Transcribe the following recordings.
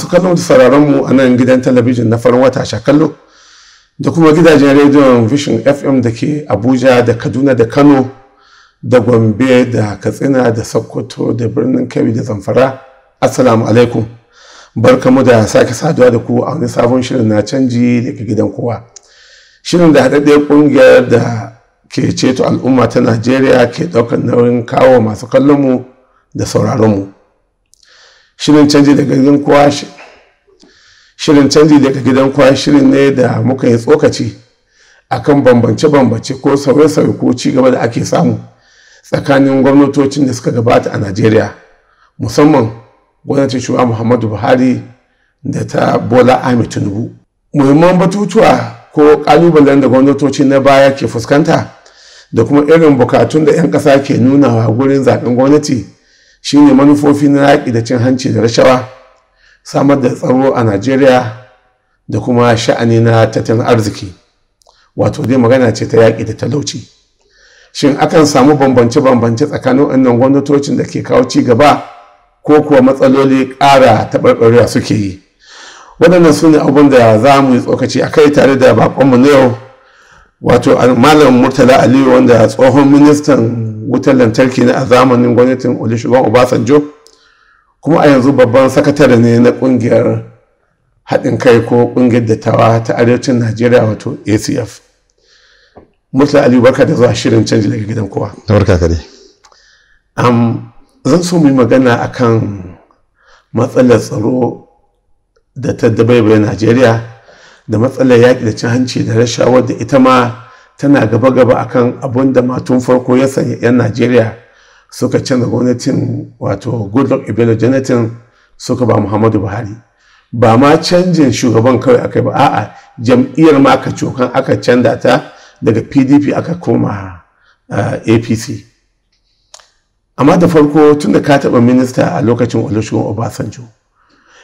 masu kallon da sauraron mu a nan gidan talabijin na farin wata shakallo da kuma gidajen rediyon vision fm da ke abuja da kaduna da kano da gombe da katsina da sokoto da birnin kebbi da zamfara assalamu alaikum mu da sake saduwa da ku a wani sabon shirin na canji daga gidan kowa shirin da haɗaɗɗe ƙungiyar da ke ceto al'umma ta najeriya ke ɗaukar nauyin kawo masu kallon mu da sauraron mu shirin canji daga gidan kowa shirin canji daga gidan kowa shirin ne da muka yi tsokaci akan bambance-bambance ko sauye-sauye ko ci gaba da ake samu tsakanin gwamnatocin da suka gabata a najeriya musamman gwamnatin shugaba muhammadu buhari da ta bola ahmed tinubu muhimman batutuwa ko kalubalen da gwamnatoci na baya ke fuskanta da kuma irin bukatun da 'yan ƙasa ke nunawa gurin zaben gwamnati shine manufofi na yaƙi da cin hanci da rashawa samar da tsaro a najeriya da kuma sha'ani na tattalin arziki wato dai magana ce ta yaƙi da talauci shin akan samu bambance-bambance tsakanin wannan gwamnatocin da ke kawo ci gaba ko kuwa matsaloli ƙara taɓarɓarewa suke yi waɗannan su ne abin da za mu yi tsokaci a kai tare da baƙonmu na yau wato malam murtala aliyu wanda tsohon ministan wutar lantarki ne a zamanin gwamnatin olusegun obasanjo kuma a yanzu babban sakatare ne na kungiyar haɗin kai ko kungiyar dattawa ta arewacin najeriya wato acf murtala aliyu barka da zuwa shirin canji daga gidan kowa barka zan so mu yi magana akan matsalar tsaro da ta dabaibaye najeriya da matsalar yaƙi da cin hanci da rasha wadda ita ma tana gaba-gaba akan abun da matun farko ya sanya 'yan najeriya suka canza gwamnatin wato goodluck ibelo jonathan suka ba muhammadu buhari ba ma canjin shugaban kawai aka ba a'a jam'iyyar ma aka cokan aka canza ta daga pdp aka koma eh, apc amma da farko tun da ka taɓa minista a lokacin olusegun obasanjo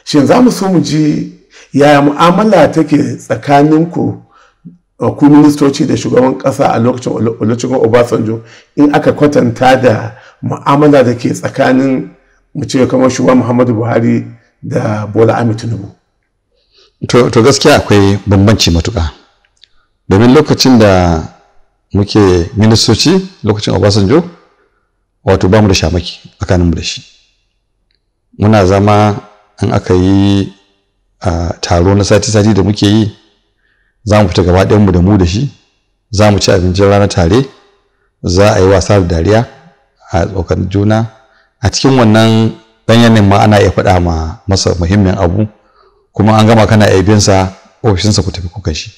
shin za mu so mu ji yaya mu'amala take tsakaninku uh, ku ministoci da shugaban kasa a lokacin olusegun obasanjo in aka kwatanta da mu'amala da ke tsakanin mace kamar shugaban muhammadu buhari da bola ami tinubu to gaskiya akwai bambanci matuka domin lokacin da muke ministoci lokacin obasanjo wato ba mu da shamaki mu da shi muna zama an aka yi a taro na sati-sati da muke yi za mu fita gaba mu da mu da shi za mu ci abincin rana tare za a yi wasa da dariya a tsokar juna a cikin wannan ɗanyen ma ana iya faɗa ma masa muhimmin abu kuma an gama kana aibinsa ofishinsa ku tafi kuka shi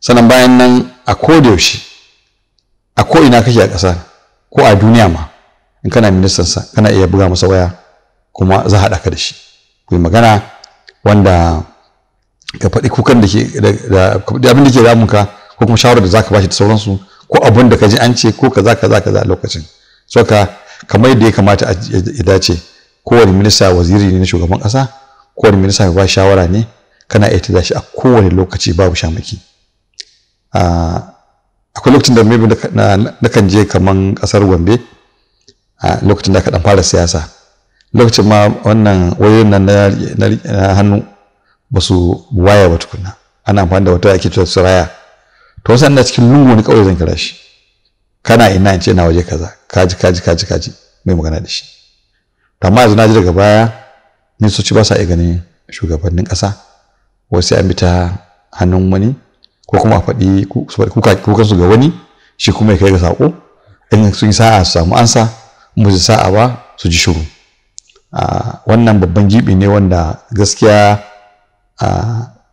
sannan bayan nan a kodayaushe a ko'ina kake a ƙasa ko a duniya ma in kana ministansa kana iya buga masa waya kuma za a haɗa ka da shi ku yi magana wanda ka faɗi kukan da ke da abin da ke damun ka ko kuma shawarar da zaka bashi da sauransu ko abin da ka ji an ce ko kaza kaza kaza a lokacin soka kamar da ya kamata ya dace kowane minista waziri ne na shugaban ƙasa kowane minista ba shawara ne kana iya tada shi a kowane lokaci babu shamaki akwai lokacin da mebi na kan je kaman ƙasar gombe a lokacin da aka ɗan fara siyasa lokacin ma wannan wayoyin nan na hannu ba su waya ba tukuna ana amfani da wata ake cewa suraya to wasu ana cikin lungu wani kawai zan kira shi kana ina in ce na waje kaza kaji kaji kaji kaji mai magana da shi amma yanzu na ji daga baya ni su ci ba sa iya ganin shugabannin ƙasa wasu an bi ta hannun wani ko kuma a faɗi kukan su ga wani shi kuma ya kai ga saƙo in sun yi sa'a su samu ansa mu su sa'a ba su ji shiru wannan babban jibi ne wanda gaskiya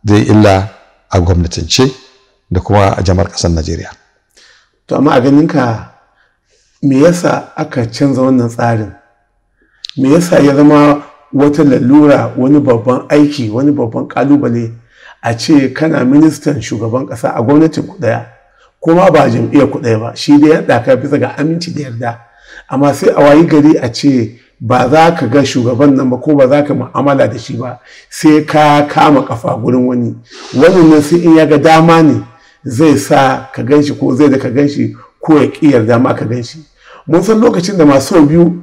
zai illa a gwamnatance da kuma a jamar ƙasar najeriya to amma a ganinka me yasa aka canza wannan tsarin me yasa ya zama wata lalura wani babban aiki wani babban kalubale a ce kana ministan shugaban ƙasa a gwamnatin kuɗaya kuma ba jam'iyyar kuɗaya ba shi dai ya ɗaka bisa ga aminci da yarda amma sai a wayi gari a ce ba za ka ga shugaban nan ba ko ba za ka mu'amala da shi ba sai ka kama kafa gurin wani wani nan sai in ya ga dama ne zai sa ka ganshi ko zai da ka ganshi ko ya ƙi yarda ma ka shi mun san lokacin da masu biyu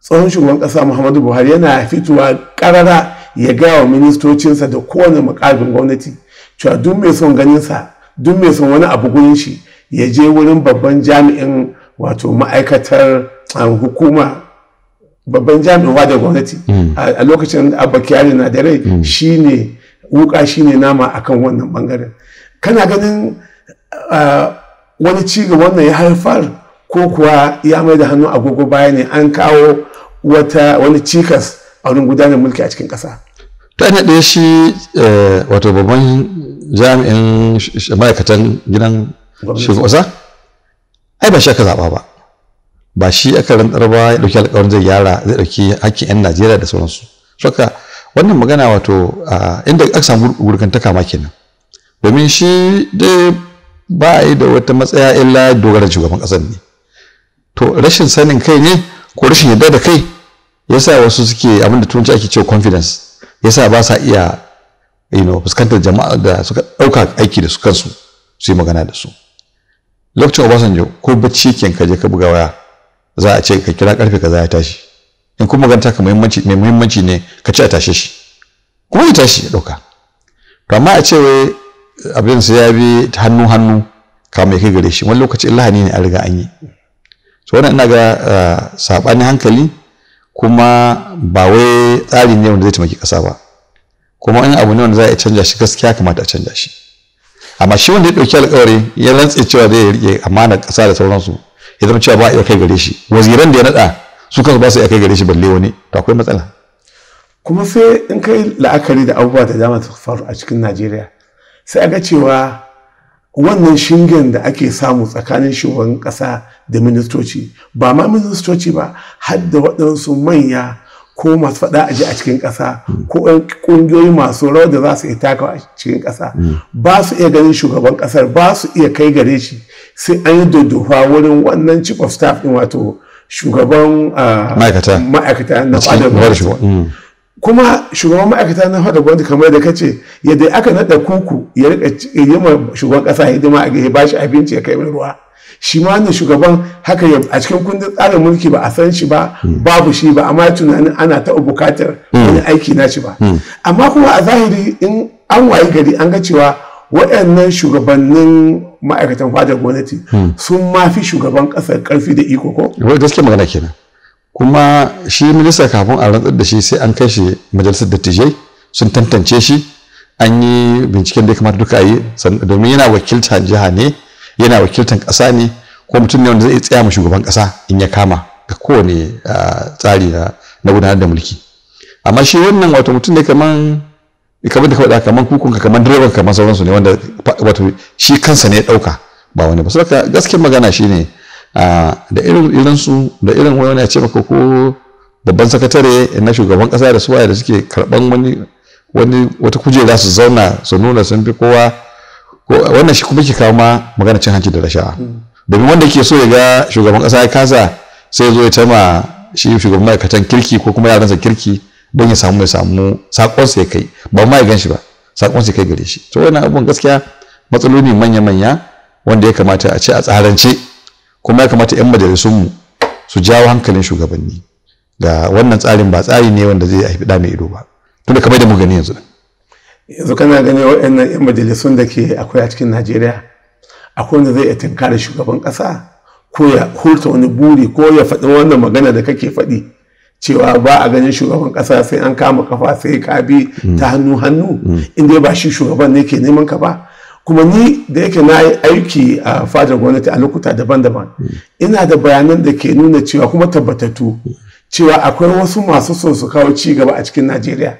tsohon shugaban ƙasa muhammadu buhari yana fitowa ƙarara ya gaya wa ministocinsa da kowane mukamin gwamnati cewa duk mai son ganinsa duk mai son wani abu gurin shi ya je wurin babban jami'in wato ma'aikatar um, hukuma babban jami'in da gwamnati mm. a lokacin abba kyari na da rai mm. ne wuka shine nama akan wannan bangaren kana ganin wani ci ga wannan ya haifar ko kuwa ya mai da hannu agogo baya ne an kawo wata wani cikas a wurin gudanar mulki a cikin ƙasa ta na ɗaya shi eh, wato babban jami'in ma'aikatan gidan shugaban ai ba shi aka zaɓa ba ba shi aka rantsar ba ya dauki alƙawarin zai yara zai dauki hakkin yan Najeriya da sauransu saka wannan magana wato inda aka samu ta ma kenan domin shi dai ba a yi da wata matsaya illa dogara shugaban ƙasar ne to rashin sanin kai ne ko rashin yarda da kai yasa wasu suke abin da turanci ake cewa confidence yasa ba sa iya you fuskantar jama'a da suka ɗauka aiki da su kansu su yi magana da su lokacin obasanjo ko bacci ken ka je ka buga waya za a ce ka kira karfe kaza ya tashi in kuma ganta ka muhimmanci mai muhimmanci ne ka ce a tashe shi kuma ya tashi ya dauka to amma a ce abin sai ya bi hannu hannu ka mai kai gare shi wani lokaci lahani ne a riga an yi so wannan ina ga ah, sabanin hankali kuma ba wai tsari ne wanda zai taimaki kasa ba kuma in abu ne wanda za a canja shi gaskiya kamata a canja shi amma shi wanda ya dauki alƙawari ya rantse cewa zai rike amanar kasa da sauransu ya zama cewa ba a iya kai gare shi waziran da ya nada su kansu ba su iya kai gare shi balle wani to akwai matsala kuma sai in kai la'akari da abubuwa da dama su faru a cikin najeriya sai a ga cewa wannan shingen da ake samu tsakanin shugaban kasa da ministoci ba ma ministoci ba har da waɗansu manya ko masu faɗa a ji a cikin ƙasa ko ƙungiyoyi masu rawar da za su iya taka a cikin ƙasa mm. ba su iya ganin shugaban ƙasar ba su iya kai gare shi sai an yi dodofa wurin wannan chief of staff din wato shugaban ah, ma'aikata na fadar mm. kuma shugaban ma'aikata na fadar gwamnati kamar da kace yadda aka nada kuku ya rika yi ma shugaban kasa hidima a ya shi abinci ya kai ruwa shi ma wannan shugaban haka a cikin kundin tsarin mulki ba a san shi ba mm. babu shi ba amma tunanin ana ta bukatar mm. wani aiki na shi ba amma kuma a zahiri in an wayi gari an ga cewa waɗannan shugabannin ma'aikatan fadar gwamnati hmm. sun ma fi shugaban ƙasar ƙarfi da iko ko? Wai gaske magana kenan. Kuma shi minista kafin a rantsar da shi sai an kai shi majalisar dattijai sun tantance shi an yi binciken da ya kamata duka yi domin yana wakiltar jiha ne yana wakiltar ƙasa ne ko mutum ne wanda zai tsaya ma shugaban ƙasa in ya kama ga kowane ah, tsari na gudanar da mulki. Amma shi wannan wato mutum ne kamar kamar da kawai kamar kukunka kamar direban kamar sauransu ne wanda wato shi kansa ne ya ɗauka ba wani ba saboda gaskiyar magana shine da irin irin su da irin wani ya ce maka ko babban sakatare na shugaban kasa da suwaye da suke karban wani wani wata kujera su zauna su nuna sun fi kowa wannan shi kuma ke kawo ma magana cin hanci da rashawa mm. domin wanda ke so ya ga shugaban kasa ya kasa sai ya zo ya tama shi shugaban ma'aikatan kirki ko kuma yaransa kirki don ya samu ya samu sakon sai kai ba ma ya ganshi ba sakon sai kai gare shi to wannan abun gaskiya matsaloli manya manya wanda ya kamata a ce a tsarance kuma ya kamata yan majalisun mu su jawo hankalin shugabanni ga wannan tsarin ba tsari ne wanda zai haifi da mai ido ba tunda kamar da mu gani yanzu yanzu kana gani waɗannan yan majalisun da ke akwai a cikin Najeriya akwai wanda zai iya tinkara shugaban kasa ko ya hurta wani buri ko ya faɗi wannan magana da kake faɗi cewa ba a ganin shugaban kasa sai an kama kafa sai ka bi ta hannu hannu in ba shi shugaban ne ke neman ka ba kuma ni da yake na yi aiki a fadar gwamnati a lokuta daban-daban ina da bayanan da ke nuna cewa kuma tabbatattu cewa akwai wasu masu so su kawo ci gaba a cikin najeriya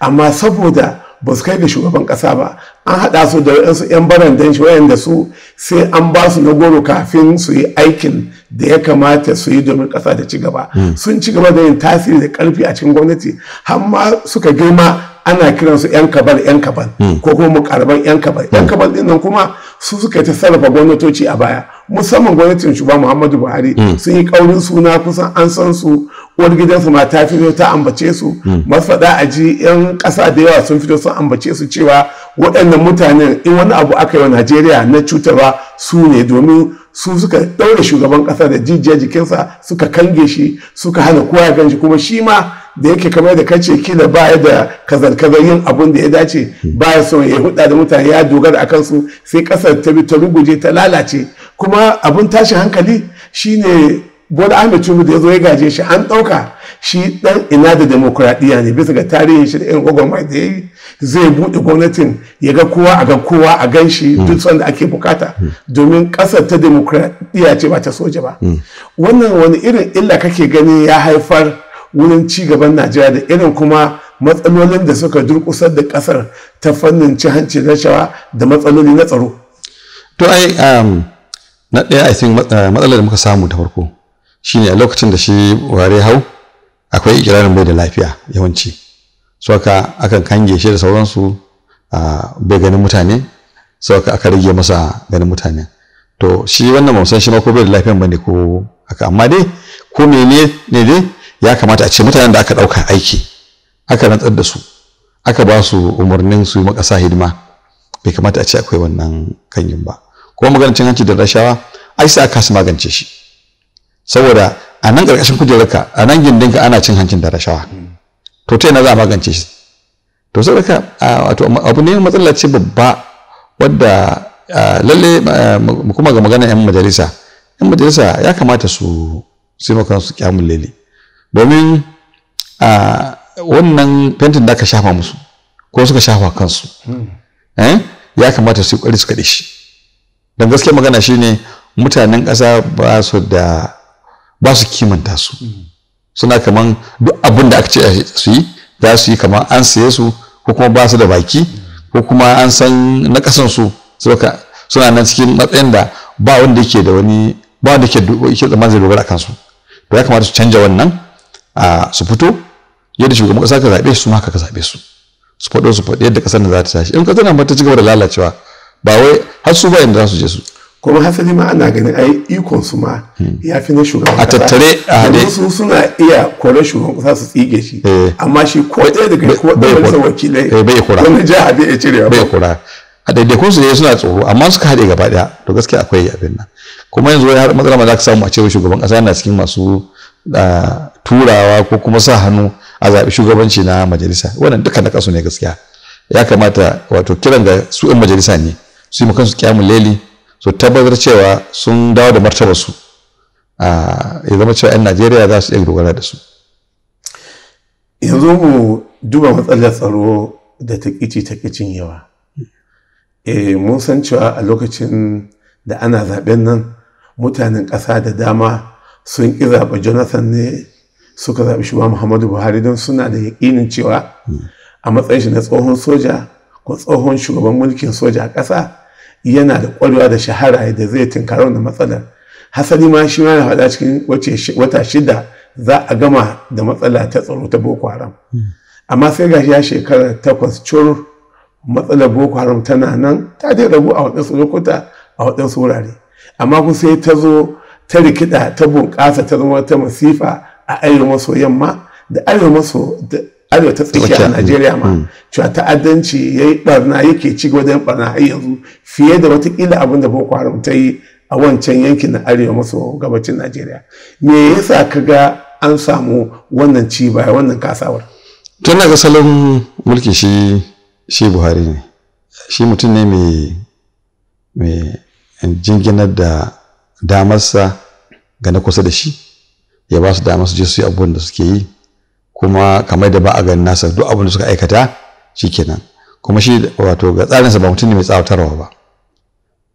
amma saboda ba su kai da shugaban kasa ba an haɗa su da wayansu 'yan barandan shi da su sai an ba su na goro kafin su yi aikin da ya kamata su yi domin kasa da ci gaba hmm. sun ci gaba da yin tasiri da karfi a cikin gwamnati har ma suka girma ana kiransu 'yan kabal 'yan kabal hmm. ko kuma mukarban 'yan kabal 'yan hmm. kabal din nan kuma su suka ta sarrafa gwamnatoci a baya musamman gwamnatin shugaba muhammadu buhari mm. sun yi kaurin suna kusan an san su uwar gidansu ma ta fito ta ambace su mm. masu faɗa a ji yan ƙasa da yawa sun fito sun ambace su cewa waɗannan mutanen in wani abu aka yi wa najeriya na cutarwa su ne domin su suka ɗaure shugaban ƙasa da jijiyar jikinsa suka kange shi suka hana kowa ya ganshi kuma shi ma da yake kamar da kace kila baya da kazar yin abun da ya dace Ba ya son ya huda da mutane ya dogara akan su sai kasar ta bi ta ruguje ta lalace kuma abun tashi hankali shine bola ahmed tinubu da ya zo ya gaje shi an ɗauka shi ɗan ina da demokradiya ne bisa ga tarihin shi da yan gwagwarmar da ya zai buɗe gwamnatin ya ga kowa a ga kowa a gan shi hmm. duk sanda ake bukata domin ƙasar ta demokradiya ce ba ta soja ba hmm. wannan wani irin illa kake gani ya haifar wurin ci gaban najeriya da irin kuma matsalolin da suka durkusar da kasar ta fannin ci hanci rashawa da matsaloli na tsaro to ai um, na ɗaya i think uh, matsalar da muka samu ta farko shine a lokacin da shi ware hau akwai ikirarin bai da lafiya yawanci so aka akan kange shi da sauransu uh, bai ganin mutane so aka rage masa ganin mutane to shi wannan ba san shi ma ko bai da lafiyan bane ko haka amma dai ko menene ne dai ya kamata a ce mutanen da aka ɗauka aiki aka rantsar da su aka ba su umarnin su yi makasa hidima bai kamata a ce akwai wannan kanyin ba kuma maganar cin hanci da rashawa ai sai aka magance shi saboda a nan ƙarƙashin kujerarka a nan gindinka ana cin hancin da rashawa to ta yana za a magance shi to saboda wato abu ne matsala ce babba wadda lalle kuma ga magana 'yan majalisa 'yan majalisa ya kamata su su yi su kyamun lele domin a wannan fentin da aka shafa musu ko suka shafa kansu hmm. eh, ya kamata su kwari suka shi don gaske magana shine mutanen ƙasa ba su da ba su kimanta su hmm. suna kaman duk abin da aka ce su yi za su yi kaman an saye su ko kuma ba su da baki hmm. ko kuma an san na ƙasan su suna nan cikin matsayin da ba wanda yake da wani ba wanda yake tsammanin zai dogara kansu ya kamata su canja wannan a su fito yadda shugaban kasa ka zaɓe su ma ka zaɓe su su faɗo su faɗi yadda ƙasar da za ta tashi in ƙasar nan ta ci gaba da lalacewa ba wai har su ba inda za su je su kuma hasali ma ana ganin ai ikon su ma hmm. ya fi na shugaban a tattare a hade su suna iya kore shugaban kasa su tsige shi eh. amma shi ko ɗaya daga ko ɗaya da wakilai eh, bai kura wani jiha bai iya cirewa bai kura a daidaikun su ne suna tsoro amma suka haɗe gaba ɗaya to gaskiya akwai abin nan kuma yanzu wani matsala ma za ka samu a cewa shugaban kasa yana cikin masu turawa ko kuma sa hannu a zaɓi shugabanci na majalisa wannan duka na kasu ne gaskiya ya kamata wato kiran ga su 'yan majalisa ne su yi su kyamun leli su tabbatar cewa sun dawo da martabarsu ya zama cewa 'yan najeriya za su iya dogara da su yanzu mu duba matsalar tsaro da ta kici ta kicin yawa eh, mun san cewa a lokacin da ana zaben nan mutanen ƙasa da dama sun ƙi zaɓa jonathan ne suka zaɓi ba muhammadu buhari don suna da yaƙinin cewa a matsayin shi na tsohon soja ko tsohon shugaban mulkin soja a ƙasa yana da ƙwarewa da shahara da zai tinkara wannan matsalar hasali ma shi ma na faɗa cikin wata shida za a gama da matsala ta tsaro ta boko haram amma sai gashi ya shekara takwas cur matsalar boko haram tana nan ta dai rabu a waɗansu lokuta a waɗansu wurare amma kuma sai ta zo ta rikida ta bunƙasa ta zama ta masifa a arewa maso yamma da arewa maso da arewa ta tsakiya a mm, najeriya ma mm. cewa ta'addanci ya yi barna yake ci gaba da barna har yanzu fiye da watakila abin da boko haram ta yi a wancan yankin na arewa maso gabacin najeriya me yasa ka ga an samu wannan ci baya wannan kasawar tun daga salon mulki shi shi buhari ne shi mutum ne mai jinginar da damarsa ga na kusa da shi ya ba su damar su je su yi abubuwan da suke yi kuma kamar da ba a ganin nasa duk abin da suka aikata shikenan kuma shi wato ga tsarinsa ba mutum ne mai tsawatarwa ba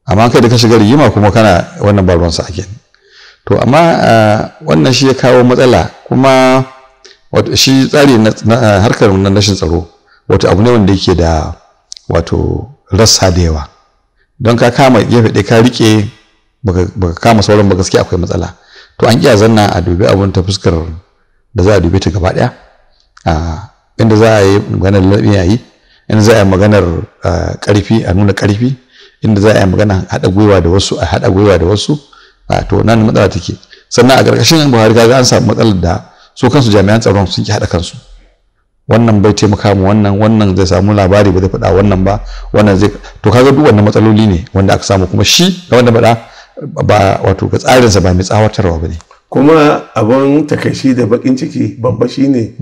amma kai da ka shiga rigima kuma kana wannan ba ruwansa ake to amma ah, wannan shi ya kawo matsala kuma wato shi tsari na ah, harkar nan rashin tsaro wato abu ne wanda yake da wato rassa da yawa don ka kama gefe ɗaya ka rike baka kama sauran ba gaskiya akwai matsala to an iya zanna a dubi abun ta fuskar da za a dubi ta gaba daya inda za a yi maganar labi a yi inda za a yi maganar karfi a nuna karfi inda za a yi magana haɗa gwiwa da wasu a haɗa gwiwa da wasu to nan matsala take sannan a ƙarƙashin buhari kaga an samu matsalar da su kansu jami'an tsaron sun ki haɗa kansu wannan bai taimaka mu wannan wannan zai samu labari ba zai faɗa wannan ba wannan zai to kaga duk wannan matsaloli ne wanda aka samu kuma shi ga wanda faɗa ba wato ga tsarinsa ba mai tsawatarwa ba ne kuma abin takaici da bakin ciki babba shine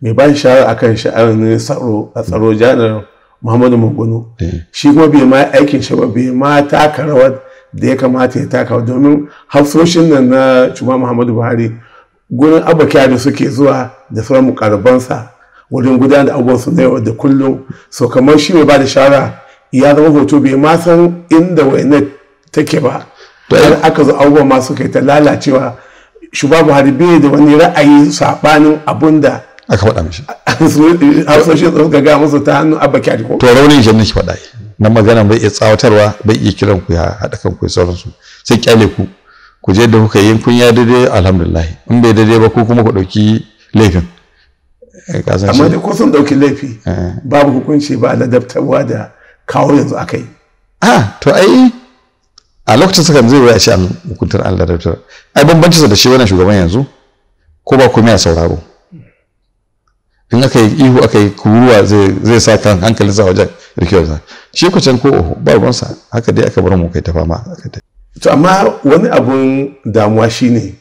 mai ba shawara akan sha'anin tsaro a tsaro janar muhammadu magunu eh. shi kuma bai ma aikin shi ba bai ma taka rawar da ya kamata ya taka domin hafsoshin nan na cuma muhammadu buhari gurin abakiya da suke zuwa da sauran mukarabansa wurin gudanar da su na yau da kullum so kamar shi mai ba da shawara ya zama hoto bai ma san inda wayannan take ba har aka zo abubuwa ma kai ta lalacewa shugaba buhari bai da wani ra'ayi saɓanin abun da aka faɗa mishi hausoshin suka ga musu ta hannu abba kyari ko to raunin shi nake faɗa na magana bai iya tsawatarwa bai iya kiran ku ya haɗa kan ku sauransu sai kyale ku ku je da kuka yi kun ya daidai alhamdulillah in bai daidai ba ku kuma ku ɗauki laifin eh, amma da ko sun ɗauki laifi eh. babu hukunci ba ladabtarwa da kawo yanzu aka yi ah to ai a lokacin sakan zai wuya ce an hukuntar Allah da ta ai bambancinsa da shi wannan shugaban yanzu ko ba komai a sauraro in aka yi ihu aka yi kuruwa zai sa kan hankalin sa wajen rikiyar sa shi ku can ko oho ba ruwansa haka dai aka bar mu kai ta fama to amma wani abun damuwa shine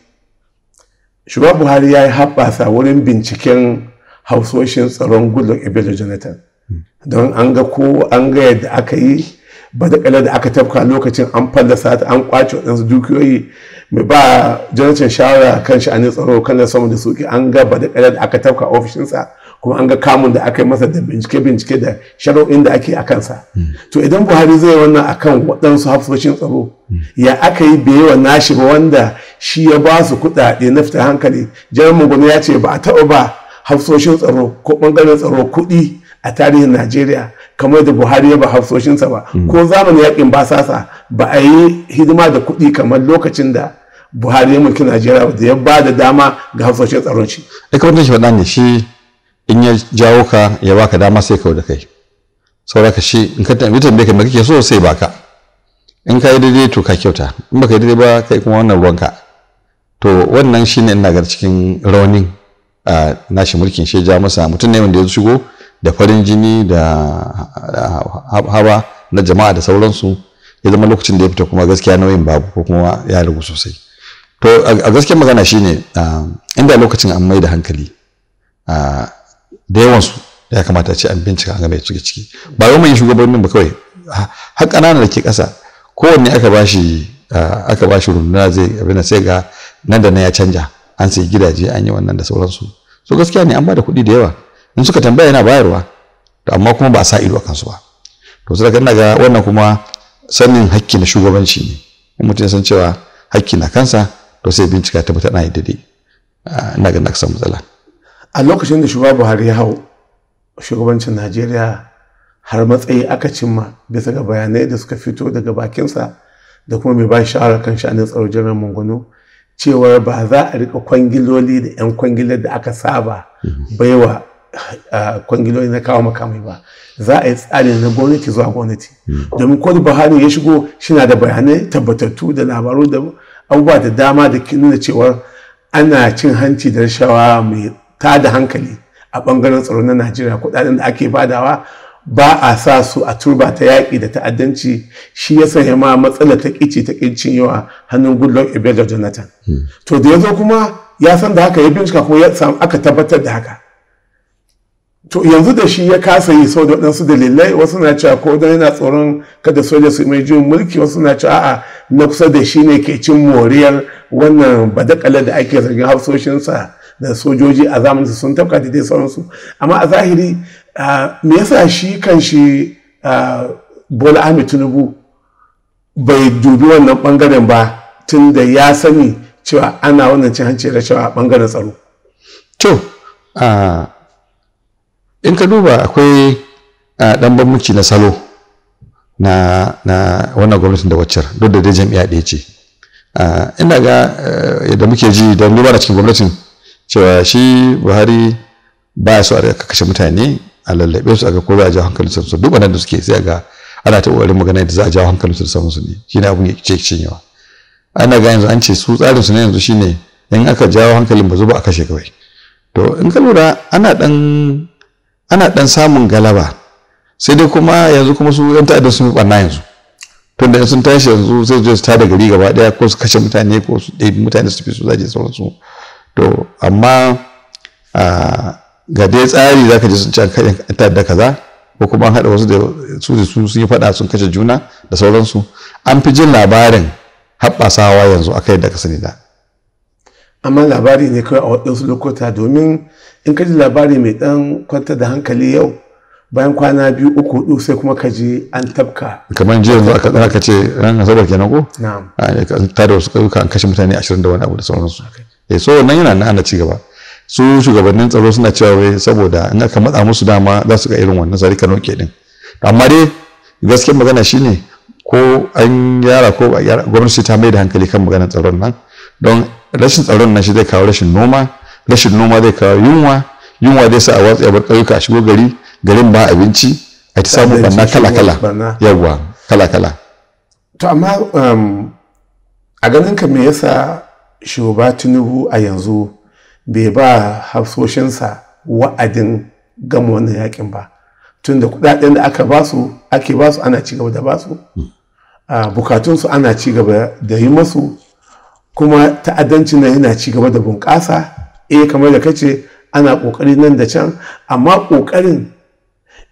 shugaban Buhari ya yi haɓasa wurin binciken hausoshin tsaron Goodluck Ebele Jonathan hmm. don an ga ko an ga yadda aka yi badakalar da aka tafka lokacin an fallasa ta an kwace waɗansu dukiyoyi mai ba janacin shawara kan shi a ne tsaro kan sama da suke. an ga badakalar da aka tafka ofishinsa kuma an ga kamun da aka yi masa da bincike-bincike da shari'o'in da ake a kansa hmm. to idan buhari zai wannan akan waɗansu hafsoshin tsaro hmm. ya aka yi bai wa nashi ba wanda shi ya ba su kuɗaɗe na fita hankali jami'in gwamnati ya ce ba a taɓa ba hafsoshin tsaro ko ɓangaren tsaro kuɗi a tarihin najeriya kamar da buhari ya ba hafsoshinsa ba hmm. ko zamanin yakin basasa ba a yi hidima da kuɗi kamar lokacin da buhari ya mulki najeriya da ya ba da dama ga hafsoshin tsaron shi duka wannan shi faɗa ne shi in ya jawo ka ya baka dama sai kawo da kai ka shi in ka tambaye tambaye ka me kake so sai baka in ka yi daidai to ka kyauta in baka yi daidai ba kai kuma wannan ruwanka to wannan shine ina ga cikin raunin a ah, nashi mulkin shi ya ja masa mutum ne wanda ya shigo da farin jini da haba na jama'a da sauransu ya zama lokacin da ya fita kuma gaskiya nauyin babu ko kuma ya ragu sosai to a gaskiyar magana ne, inda lokacin an mai da hankali da yawansu ya kamata ce an bincika an game ciki ciki ba wai mai shugabannin ba kawai har ƙanana da ke ƙasa kowanne aka bashi aka bashi runduna zai abin sai ga nan da nan ya canja an sai gidaje an yi wannan da sauransu so gaskiya ne an ba da kuɗi da yawa in suka tambaya yana bayarwa to amma kuma ba sa ido a kansu ba to sai daga ga wannan kuma sanin hakki na shugabanci ne in mutum ya san cewa hakki na kansa to sai bincika tabbatar na daidai ah, ina ga na san matsala a lokacin da shugaba Buhari ya hau shugabancin Najeriya har matsayi aka cimma bisa ga bayanai da suka fito daga bakinsa da kuma mai ba shawara kan shanin tsaro jami'an mangwano cewar ba za a rika kwangiloli da 'yan kwangilar da aka saba mm-hmm. baiwa kwangiloyi na kawo makamai ba za a yi tsari na gwamnati zuwa gwamnati domin kodin buhari ya shigo shina da bayanai tabbatattu da labaru da abubuwa da dama da ke nuna cewa ana cin hanci da rashawa mai tada hankali a bangaren tsaro na najeriya kudaden da ake badawa ba a sa su a turba ta yaƙi da ta'addanci shi ya sanya ma matsala ta ƙici ta ƙincin yawa hannun goodluck ebelo jonathan hmm. to da ya zo kuma ya san da haka ya bincika kuma aka tabbatar da haka to yanzu da shi ya kasa yi sau da waɗansu dalilai wasu na cewa ko don yana tsoron kada soja su mai jin mulki wasu na cewa a, na kusa da shi ne ke cin moriyar wannan badakalar da ake zargin hafsoshinsa da sojoji a zamaninsa sun tafka da dai sauransu amma a zahiri me yasa shi kan shi bola ahmed tinubu bai dubi wannan bangaren ba tun da ya sani cewa ana wannan cin hanci da cewa bangaren tsaro to in ka duba akwai dan bambanci na salo na na wannan gwamnatin da waccar duk da dai jam'iyya ɗaya ce ina ga yadda muke ji don duba na cikin gwamnatin cewa shi buhari ba so a kashe mutane a lallaɓe su a ga ko za a jawo hankalin su duk wannan da suke sai ga ana ta ƙoƙarin magana da za a jawo hankalin su samu su ne shi ne abin ya ce cinyewa ana ga yanzu an ce su tsarin su ne yanzu shine in aka jawo hankalin ba zuba a kashe kawai to in ka lura ana dan ana ɗan samun galaba sai dai kuma yanzu kuma su yan ta'adda sun ɓanna yanzu tunda sun tashi yanzu sai su tada gari gaba ɗaya ko su kashe mutane ko su ɗebi mutane su fi su zaje sauransu to amma ga dai tsari za ka ji sun ci an ta'adda kaza ko kuma an haɗa wasu da su da su sun yi faɗa sun kashe juna da sauransu an fi jin labarin haɓɓasawa yanzu akai daga da ka sani amma labari ne kawai a waɗansu lokuta domin in ka ji labari mai dan kwanta da hankali yau bayan kwana biyu uku hudu sai kuma ka ji an tabka kamar jiya yanzu aka ka ce ran asabar kenan ko na'am an wasu an kashe mutane 20 da wani abu da sauransu eh so nan yana nan ana ci gaba su shugabannin tsaro suna cewa wai saboda in aka matsa musu dama za su ga irin wannan sarika noke din amma dai gaskiyar magana shine ko an yara ko gwamnati ta mai da hankali kan maganar tsaron nan don rashin tsaron nan shi zai kawo rashin noma rashin noma zai kawo yunwa yunwa zai sa a watsa a bar ƙauyuka a shigo gari garin ba abinci a ta samu barna kala-kala yawwa kala-kala to amma um, a ganin ka me yasa shugaba tinubu a yanzu bai ba hafsoshinsa wa'adin gama wannan yakin ba tun da kudaden da aka basu ake basu ana cigaba da basu hmm. ah, bukatunsu ana cigaba da yi masu kuma ta'addanci na yana cigaba da bunƙasa eh kamar da kace ana kokari nan da can amma kokarin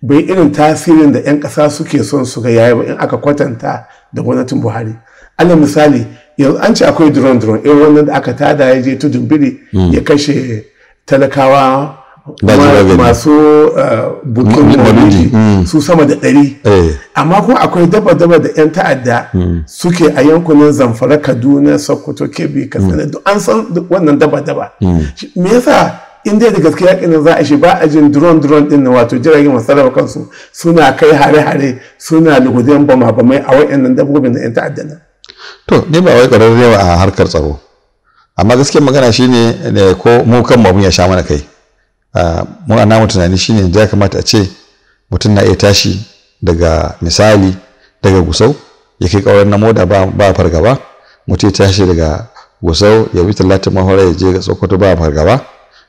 bai irin tasirin da 'yan kasa suke son su ga yayi ba in aka kwatanta da gwamnatin buhari allah misali yanzu an ce akwai drone drone irin wannan da aka tada ya je tudun biri mm. ya kashe talakawa masu eh, bukin mm. su sama da ɗari eh. amma kuma akwai daba-daba da 'yan ta'adda mm. suke a yankunan zamfara kaduna sokoto kebbi katsina mm. duk an san wannan daba-daba me yasa in dai da gaske yakin za a shi ba a jin drone drone din wato jiragen masu kansu suna kai hare-hare suna lugudin bama-bamai a wayannan dabbobin na 'yan ta'adda nan to ne ba wai a harkar tsaro amma gaskiyar magana shine eh, ko mu kan mu ya sha mana kai A a namu tunani shine da ya kamata a ce mutum na iya tashi daga misali daga gusau ya kai kauran na moda ba fargaba mutum ya tashi daga gusau ya bi talatin mahora ya je sokoto ba fargaba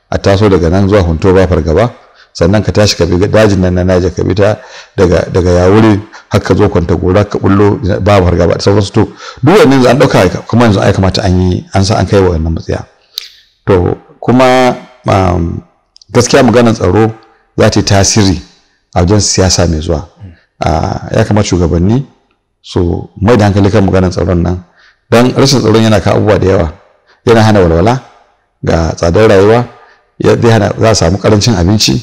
a taso daga nan zuwa hunto ba fargaba sannan ka tashi ka bi dajin nan na naje ka bi ta daga daga yawuri har ka zo kwanta gora ka bullo ba fargaba da sauransu to duk wannan an dauka kuma yanzu ai kamata an yi an sa an kai wa wannan matsaya to kuma um, gaskiya maganar tsaro za ta yi tasiri a wajen siyasa mai zuwa ya kamar shugabanni su mai da hankali kan maganar tsaron nan don rashin tsaron yana kawo abubuwa da yawa yana hana walwala ga tsadar rayuwa zai hana za a samu karancin abinci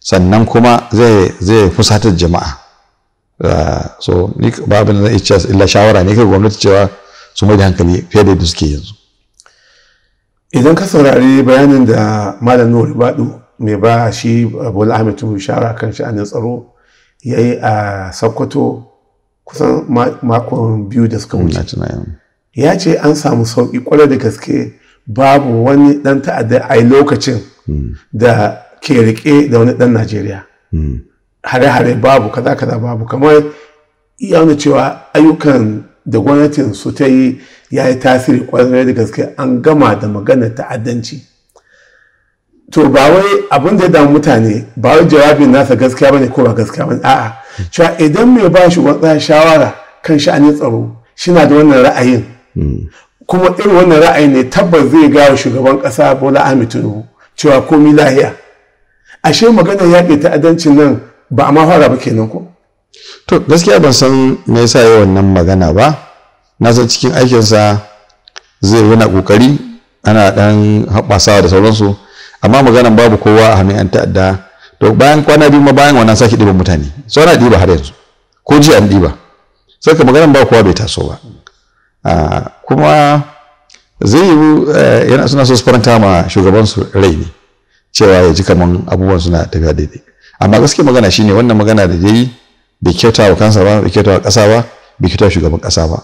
sannan kuma zai zai fusatar jama'a so ni babin abin zai illa shawara ne kai gwamnati cewa su mai da hankali fiye da yadda suke yanzu idan ka saurari bayanin da malam nuhu ribadu mai ba shi abu al'amitu Shara kan sha'anin tsaro ya yi a sokoto kusan makon biyu da suka wuce ya ce an samu sauƙi kwarai da gaske babu wani ɗan ta'adda a lokacin hmm. da ke rike da wani ɗan najeriya hmm. hare-hare babu kaza-kaza babu kamar wani cewa ayyukan da gwamnatin su ta yi ya yi tasiri kwarai da gaske an gama da magana ta'addanci to ba wai abin da ya damu mutane ba wai jawabin nasa gaskiya bane ko ba gaskiya bane a'a cewa idan mai ba shi wata shawara kan sha'anin tsaro shi na da wannan ra'ayin hmm. kuma irin wannan ra'ayin ne tabbas zai gawa shugaban kasa Bola Ahmed Tinubu cewa komi lahiya ashe maganar yaƙi ta'addancin nan ba a ma fara ba kenan ko to gaskiya ban san me yasa yayi wannan magana ba na san cikin aikinsa zai yana kokari ana dan haɓasawa da sauransu amma maganan babu kowa a hannun yan ta'adda to bayan kwana biyu ma bayan wannan sake ɗiban mutane so ana ɗiba har yanzu ko ji an ɗiba ka maganan ba kowa bai taso ba ah, kuma zai yi eh, yana suna so su faranta ma shugaban su rai ne cewa ya ji kaman abubuwan suna tafiya daidai amma gaskiya magana shine wannan magana da dai bai kyauta wa kansa ba bai kyauta wa ƙasa ba bai kyauta shugaban ƙasa ba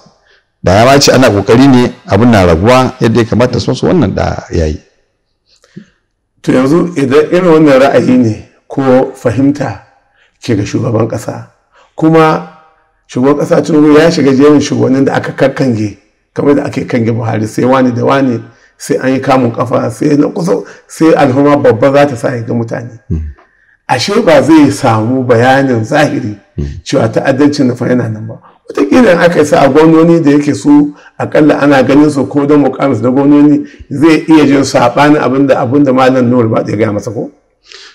da ya ce ana ƙoƙari ne abin na raguwa yadda ya kamata sun su wannan da yayi to yanzu idan irin wannan ra'ayi ne ko fahimta ke ga shugaban ƙasa kuma shugaban ƙasa tinubu ya shiga jerin shugabannin da aka kakkange kamar da ake kange buhari sai wani da wani sai an yi kamun kafa sai na kusa sai alhuma babba za ta sa ga mutane hmm. ashe ba zai samu bayanin zahiri hmm. cewa ta'addancin nufa yana nan ba wataƙila in aka sa a gwamnoni da yake su akalla ana ganin su ko don mukamis da gwamnoni zai iya jin saɓani abinda abinda malam nuwar ba ya gaya masa ko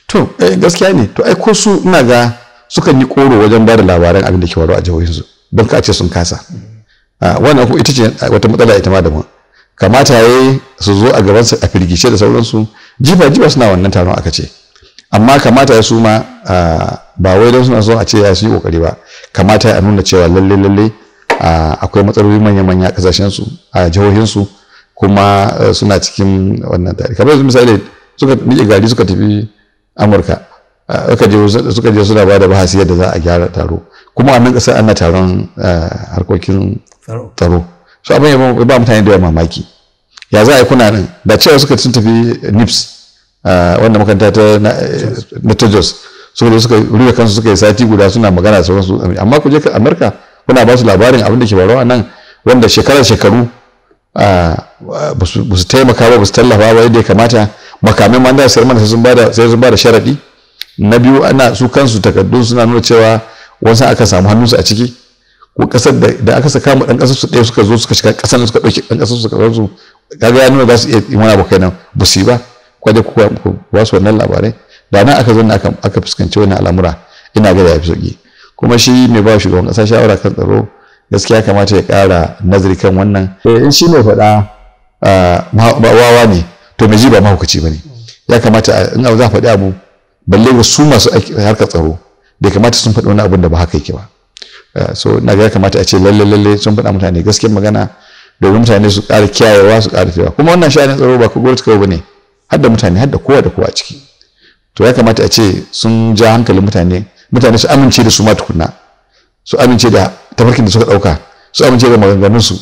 to eh, gaskiya ne to ai ko su ina ga sukan yi koro wajen ba da labaran abin da ke faru a jihohinsu don ka ce sun kasa ah, wannan ko ita ce ah, wata matsala ita ma da mu kamata yayi su zo a gaban a firgice da sauransu jifa jifa suna wannan taron aka ce amma kamata ya suma ba wai don suna so a ce ya su yi kokari ba kamata ya nuna cewa lalle lalle akwai matsaloli manya manya a kasashen su a jihohin su kuma suna cikin wannan tare kamar yanzu misali suka miƙe gari suka tafi amurka suka je suna bada bahasi yadda za a gyara taro kuma a nan ƙasar ana taron harkokin taro so abin ya ba mutane da yawa mamaki ya za a yi kuna nan da cewa suka sun tafi nips Ah, wannan makaranta ta na eh, ta Jos su ne suka rura kansu suka yi sati guda suna magana da sauransu amma ku je ka Amerika kuna ba su labarin abin da ke faruwa nan wanda shekarar shekaru ah, ba su taimaka ba ba su tallafa ba yadda ya kamata makamai ma da sayar mana sai sun ba da sharaɗi na biyu ana su kansu takardun suna nuna cewa wasu aka samu hannunsu a ciki ko kasar da aka saka mu dan kasar su ɗaya suka zo suka shiga kasar suka ɗauki dan kasar su suka zo kaga ya nuna za su iya yi mana bakai nan ba su yi ba Kwade ku ba su wannan labarai da nan aka zanna aka fuskanci wannan al'amura ina ga ya fi sauki kuma shi mai ba shugaban kasa shawara kan tsaro gaskiya kamata ya ƙara nazari kan wannan eh, in shi ne faɗa ah, wawa ne to mai ji ba mahaukaci ba ne ya kamata in za a faɗi abu balle ga su masu harkar tsaro bai kamata sun faɗi wani abun da ba haka yake ba eh, so na ga ya kamata a ce lalle lalle sun faɗa mutane gaskiyar magana domin mutane su ƙara kiyayewa su ƙara cewa kuma wannan sha'anin tsaro ba ku gwamnati kawai ba ne har mutane har kowa da kowa ciki to ya kamata a ce sun ja hankalin mutane mutane su amince da su ma tukunna su amince da tafarkin da suka ɗauka su amince da maganganunsu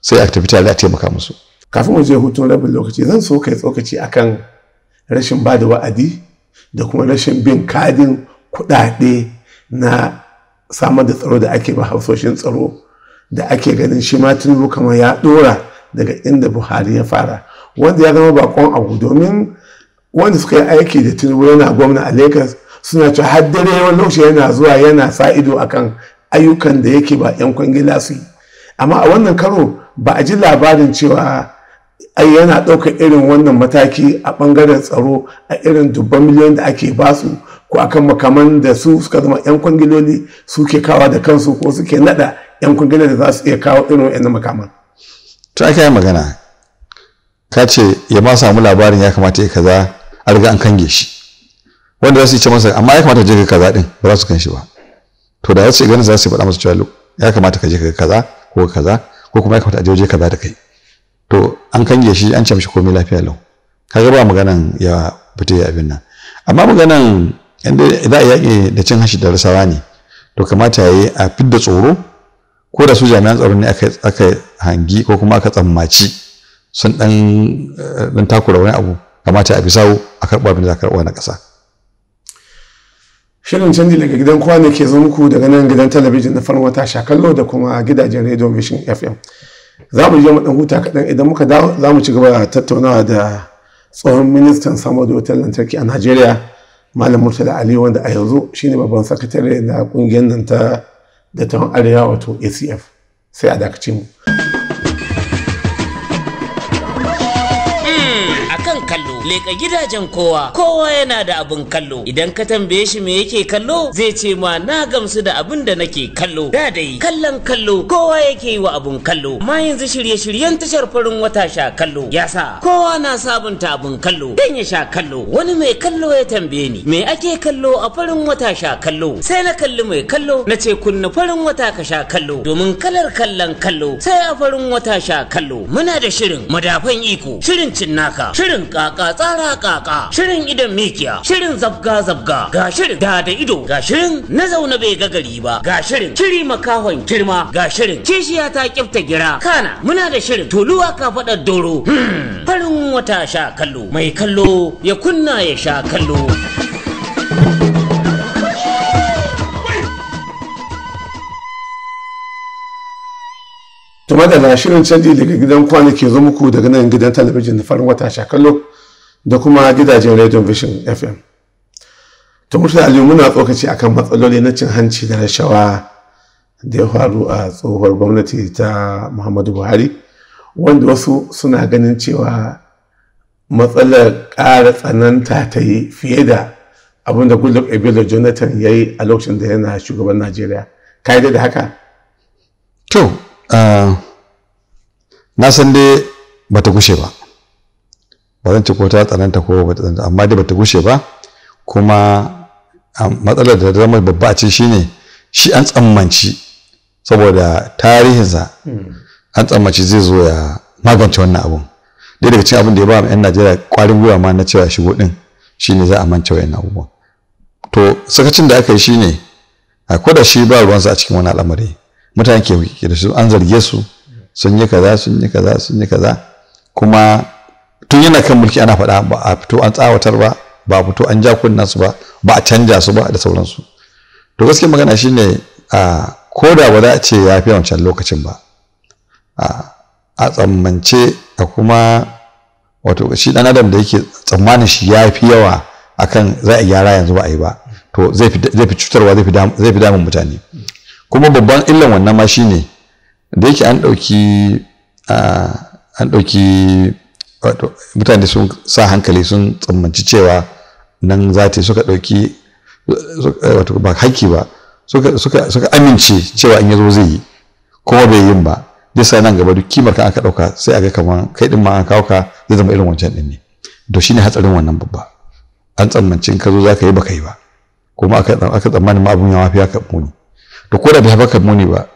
sai a tafi tare a taimaka musu kafin mu je hutun rabin lokaci zan so kai tsokaci akan rashin ba da wa'adi da kuma rashin bin kadin kuɗaɗe na samar da tsaro da ake ba hausoshin tsaro da ake ganin shi ma tinubu kamar ya dora daga inda buhari ya fara wanda ya zama bakon abu domin wanda suka yi aiki da tinubu yana gwamna a lagos suna cewa har dare yawan lokaci yana zuwa yana sa ido akan ayyukan da yake ba 'yan kwangila su yi amma a wannan karo ba a ji labarin cewa ai yana ɗaukar irin wannan mataki a ɓangaren tsaro a irin dubban miliyan da ake basu ko akan makaman da su suka zama 'yan kwangiloli suke kawa da kansu ko suke nada 'yan kwangiloli da za su iya kawo irin 'yan makaman. Ta kai magana ka ce ya ma samu labarin ya kamata ya kaza a riga an kange shi wanda za su yi ce masa amma ya kamata je ka kaza din ba za su kan shi ba to da ya ce ganin za su faɗa masa cewa ya kamata ka je ka kaza ko kaza ko kuma ya kamata a je waje kaza da kai to an kange shi an mishi komai lafiya lau kaga ba maganan ya fita ya abin nan amma maganan inda za a yaƙi da cin hashi da rasawa ne to kamata ya yi a fidda tsoro ko da su jami'an tsaro ne aka hangi ko kuma aka tsammaci sun dan eh, takura wani abu kamata a bi sawu a karɓa abin da za karɓa na ƙasa. Shirin canji daga gidan kwana ke zo muku daga nan gidan talabijin na wata ta shakallo da kuma gidajen rediyon Vision FM. Za mu je mu dan huta kaɗan idan muka dawo za mu ci gaba da tattaunawa da tsohon ministan samar da wutar lantarki a Najeriya Malam Murtala Ali wanda a yanzu shine babban sakatare na kungiyar nan ta da ta arewa wato ACF sai a dakace mu. caldo leƙa gidajen kowa kowa yana da abin kallo idan ka tambaye shi me yake kallo zai ce ma na gamsu da abin da nake kallo da dai kallon kallo kowa yake yi wa abin kallo amma yanzu shirye-shiryen tashar farin wata sha kallo ya sa kowa na sabunta abin kallo dan ya sha kallo wani mai kallo ya tambaye ni me ake kallo a farin wata sha kallo sai na kalli mai kallo na ce kunna farin wata ka sha kallo domin kalar kallon kallo sai a farin wata sha kallo muna da shirin madafan iko shirin cinnaka shirin kaka tsara kaka shirin idan mikiya shirin zabga zabga ga shirin da da ido ga shirin na zauna bai ga gari ba ga shirin kiri makahon kirma ga shirin kishiya ta kifta gira kana muna da shirin toluwa ka faɗar doro hmm, farin wata sha kallo mai kallo ya kunna ya sha kallo kuma da shirin canji daga gidan kwanaki ke zo muku daga nan gidan talabijin da farin wata shakallo da kuma gidajen radio vision fm ta mutu da muna tsokaci akan matsaloli na cin hanci da rashawa da ya faru a tsohuwar gwamnati ta muhammadu buhari wanda wasu suna ganin cewa matsalar ƙara tsananta ta yi fiye da abin da goodluck jonathan ya yi a lokacin da yana shugaban najeriya kaida da haka to ah, na san dai bata kushe ba ba zan ci ko ta tsananta ko ba tsananta amma dai bata gushe ba kuma matsalar da zama babba a ce shine shi an tsammanci saboda tarihinsa hmm. an tsammanci zai zo ya magance wannan abun dai daga cikin abin da ya ba 'yan najeriya kwarin gwiwa ma na cewa shigo din shine za a mance wayan abubuwan to sakacin da aka yi shine a koda shi ba ruwansa a cikin wani al'amari mutane ke da su an zarge su sun yi kaza sun yi kaza sun yi kaza kuma tun yana kan mulki ana faɗa ba a fito an tsawatar ba ba a fito an ja kunnan su ba ba a canja su ba da sauransu to gaskiya magana shine a ko da ba za a ce ya fi wancan lokacin ba a tsammance a kuma wato shi ɗan adam da yake tsammanin shi ya fi yawa akan za a gyara yanzu ba a yi ba to zai fi cutarwa zai fi damun mutane kuma babban illan wannan ma ne da yake an ɗauki an ɗauki wato mutane sun sa hankali sun tsammanci cewa nan za ta suka ɗauki wato ba haƙƙi ba suka amince cewa in ya zo zai yi kuma bai yin ba zai sai nan gaba duk kimar kan aka ɗauka sai a ga kamar kai ɗin ma an kawo ka zai zama irin wancan ɗin ne to shine hatsarin wannan babba an tsammanci ka zo za ka yi ba ka yi ba kuma aka tsammanin ma abin ya mafi haka muni to ko da bai haka muni ba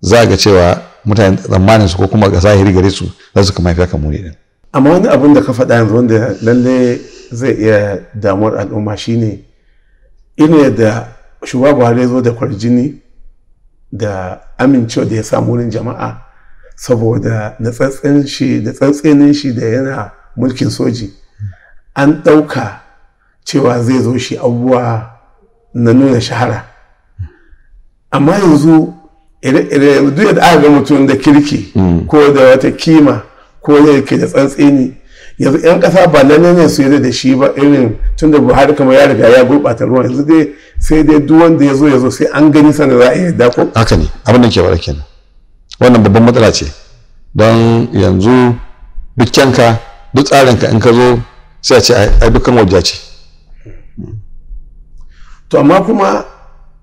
za ga cewa mutane tsammanin su ko kuma ga zahiri gare su za su kuma haka muni din amma wani abin da ka faɗa yanzu wanda lalle zai iya damuwar al'umma shine ina da shugaba buhari zo da kwarjini da amincewa da ya samu wurin jama'a saboda natsatsen shi da shi da yana mulkin soji an ɗauka cewa zai zo shi abubuwa na nuna shahara amma yanzu duk da aka ga mutum da kirki mm. ko da wata kima ko ke da tsantseni yanzu 'yan kasa ba nan ne su yadda da shi ba irin tun da buhari kamar ya riga ya gurɓata ruwan yanzu dai sai dai duk wanda ya zo ya zo sai an gani sanar za a iya da ko haka ne abin da ke wara kenan wannan babban matsala ce don yanzu duk ka duk tsarinka in ka zo sai a ce ai dukkan wajen ce to amma kuma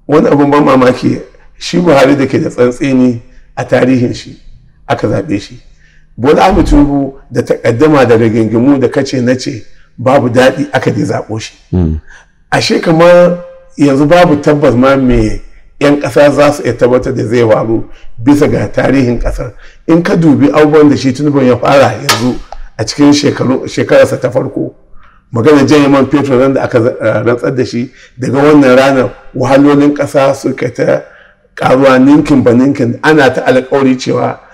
wani abun ban mamaki shi buhari da ke da tsantseni a tarihin shi aka zaɓe shi bula ahmed tinubu da takaddama da rigingimu da kace na ce babu daɗi aka je zaɓo shi mm. ashe kamar yanzu babu tabbas ma me 'yan ƙasa za su iya tabbatar da zai waru bisa ga tarihin ƙasar in ka dubi abubuwan da shi tinubu ya fara yanzu a cikin shekararsa ta farko maganar jayeman petro nan da aka eh, rantsar da shi daga wannan ranar wahalolin ƙasa suka ta karuwa ninkin ba ninkin ana ta alƙawari cewa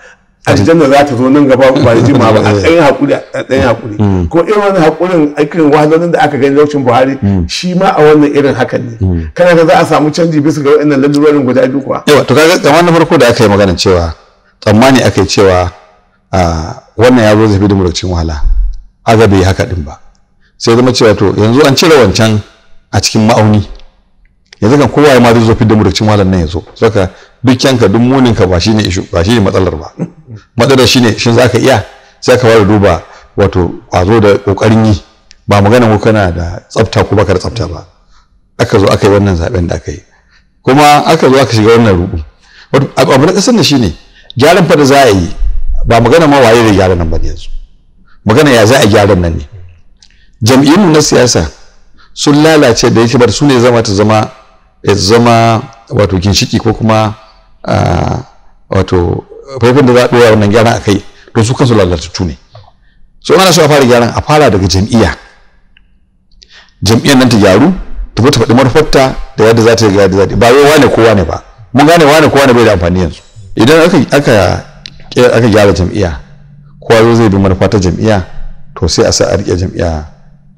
aljanna za ta zo nan gaba ba da jima ba a tsayin eh. hakuri a tsayin hakuri mm. ko irin wannan hakurin aikin wahalolin da aka gani lokacin buhari mm. shi ma a wannan irin hakan ne mm. kana ga za a samu canji bisa ga wannan lalurorin guda biyu kuwa yawa to kaga tsammanin farko da aka yi magana cewa tsammani aka yi cewa wannan ya zo zafi da mulkin wahala aga bai haka din ba sai zama cewa to yanzu an cire wancan a cikin ma'auni yanzu kan kowa ya ma zai zo fidda mu da cikin wahalar nan yanzu saka dukkanka duk munin ka ba shine ishu ba shine matsalar ba matsalar shine shin zaka iya sai ka fara duba wato kwazo da kokarin yi ba magana ko kana da tsafta ko baka da tsafta ba aka zo aka yi wannan zaben da aka yi kuma aka zo aka shiga wannan rubu wato abu na kasar da shine gyaran fa da za a yi ba magana ma waye da gyaran nan ba yanzu magana ya za a gyaran nan ne jam'iyyun na siyasa sun lalace da yake bar su ne zama ta zama ya zama wato ginshiki ko kuma wato faifin da za a ɗora wannan gyaran a kai to su kansu lalatattu ne so ana so a fara gyaran a fara daga jam'iyya jam'iyyar nan ta gyaru ta fi faɗi manufarta da yadda za ta gyara da za ta ba wai wane kowa ne ba mun gane wane kowa ne bai da amfani yanzu idan aka gyara jam'iyya kowa zo zai bi marfata ta jam'iyya to sai a sa a riƙe jam'iyya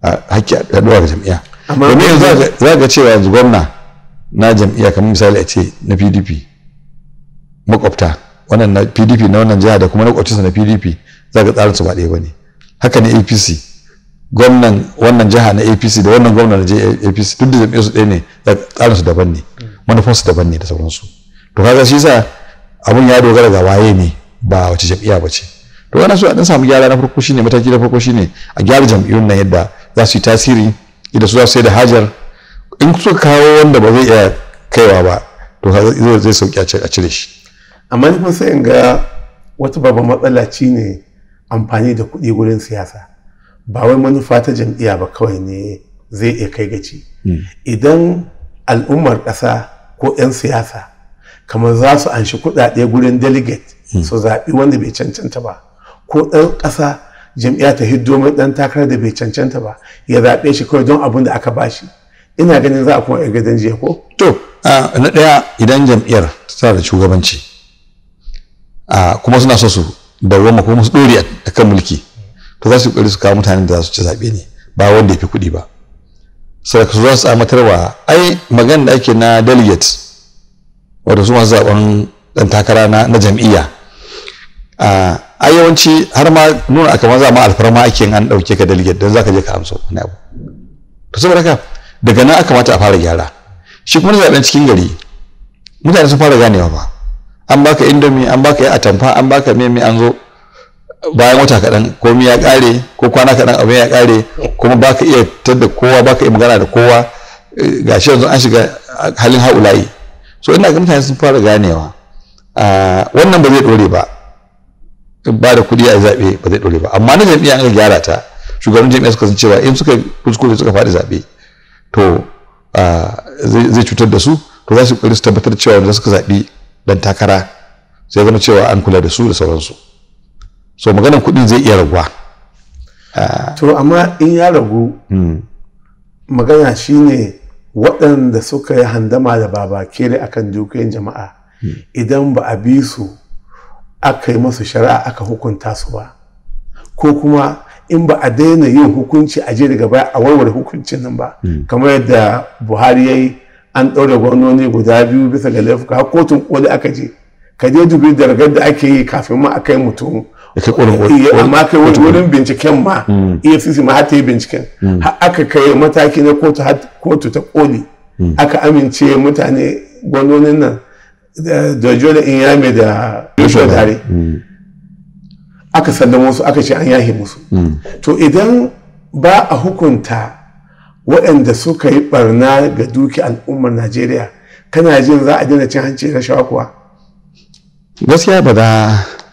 a haƙƙi a ɗora ga jam'iyya domin yanzu za ka cewa yanzu gwamna na jam'iyya kamar misali a ce na pdp makwabta wannan na pdp na wannan jiha da kuma na kwacinsa na pdp za ka tsarin su ba ɗaya ba ne haka na apc gwamnan wannan jiha na apc da wannan gwamnan na apc duk da jam'iyyar su ɗaya ne za ka tsarin su daban ne manufan su daban ne da sauransu to kaga shi sa abun ya dogara ga waye ne ba wace jam'iyya ba ce to wannan su a ɗan samu gyara na farko shine mataki na farko shine a gyara jam'iyyun nan yadda za su yi tasiri idan su za su sai da hajar in suka kawo wanda ba zai iya kaiwa ba to zai zai sauki a cire shi amma ni kuma sai in ga wata babban matsala ci ne amfani da kuɗi gurin siyasa ba wai manufa ta jam'iyya ba kawai ne zai iya kai gaci hmm. idan al'ummar ƙasa ko 'yan siyasa kamar za su anshi kuɗaɗe gurin delegate hmm. su zaɓi wanda bai cancanta ba ko ɗan ƙasa jam'iyya ta hiddo mai ɗan takarar da bai cancanta ba ya zaɓe shi kawai don abin da aka bashi ina ganin za a kuma yar gadon jiya ko to na ɗaya idan jam'iyyar tana da shugabanci kuma suna so su ma kuma su ɗori a kan mulki to za su ƙoƙari su kawo mutanen da za su ci zaɓe ne ba wanda ya fi kuɗi ba sai su za su amatarwa ai magana da ake na delegate wato su masu zaɓen ɗan takara na jam'iyya a yawanci har ma nuna aka maza ma alfarma ake an ɗauke ka delegate don za ka je ka amsa wani abu to saboda haka daga nan aka mata a fara gyara shi kuma zaɓen cikin gari mutane sun fara ganewa ba an baka indomi an baka ya atamfa an baka meme an zo bayan wata kaɗan komi ya ƙare ko kwana kaɗan abin ya ƙare kuma baka iya tadda kowa baka iya magana da kowa ga shi yanzu an shiga halin haulayi so ina ga mutane sun fara ganewa wannan ba zai ɗore ba ba da kuɗi a zaɓe ba zai ɗore ba amma na jam'iyya an gyara ta shugaban jam'iyya suka san cewa in suka kuskure suka faɗi zaɓe to zai cutar da su to za su kuri su tabbatar cewa wanda suka zaɓi dan takara sai zama cewa an kula da su da sauransu so maganar kuɗin zai iya raguwa to amma in ya ragu hmm. magana shine waɗanda suka yi handama da baba babakere akan dukiyar jama'a hmm. idan ba a bi su aka yi masu shari'a aka hukunta su ba ko kuma in ba a daina yin hukunci a je gaba a warware hukuncin nan ba hmm. kamar yadda buhari ya yi an ɗaure gwamnoni guda biyu bisa ga laifuka har kotun koli aka je ka je dubi dargar da ake yi kafin ma a kai mutum amma kai wurin binciken ma hmm. efcc ma har ta yi binciken hmm. har aka kai mataki na kotu ta koli aka amince mutane gwamnonin nan da jole inyame da yoshua dare aka sallama su aka ce an yahe musu hmm. to idan ba a hukunta waɗanda suka yi barna ga duki al'ummar najeriya kana jin za a daina cin hanci shawa kuwa gaskiya ba za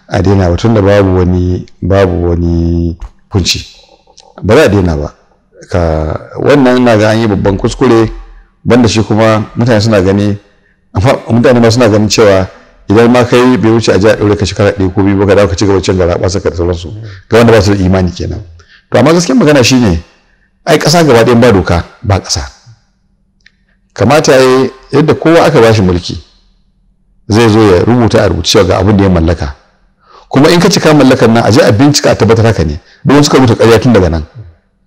a daina ba tunda babu wani babu wani kunci ba za a daina ba ka wannan na ga an yi babban kuskure banda shi kuma mutane suna gani mutane ma suna ganin cewa idan ma kai bai wuce a ji a ɗaure ka shekara ɗaya ko biyu ba ka dawo ka ci gaba cin garaɓa saka da sauransu ga wanda ba su da imani kenan to amma gaskiyar magana ne ai ƙasa gaba ɗaya ba doka ba ƙasa kamata ya yi yadda kowa aka bashi mulki zai zo ya rubuta a rubuce ga abin da ya mallaka kuma in ka cika mallakar nan a je a bincika a tabbatar haka ne don suka rubuta ƙarya tun daga nan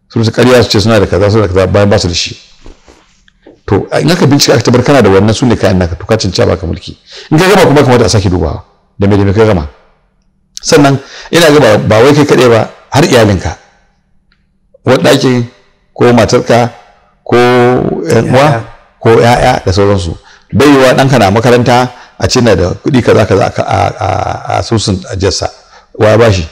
su rubuta ƙarya su ce suna da kaza suna da kaza bayan ba su da shi to in aka bincika aka tabbatar kana da wannan sune kayan naka to ka cancanta baka mulki in ka gama kuma da a sake dubawa da me da ka gama sannan ina ga ba wai kai kaɗai ba har iyalinka waɗakin ko matarka ko uwa ko ‘ya'ya da sauransu bai yiwa ɗanka na makaranta a ce da kuɗi kaza kaza a asusun ajiyarsa wa ba shi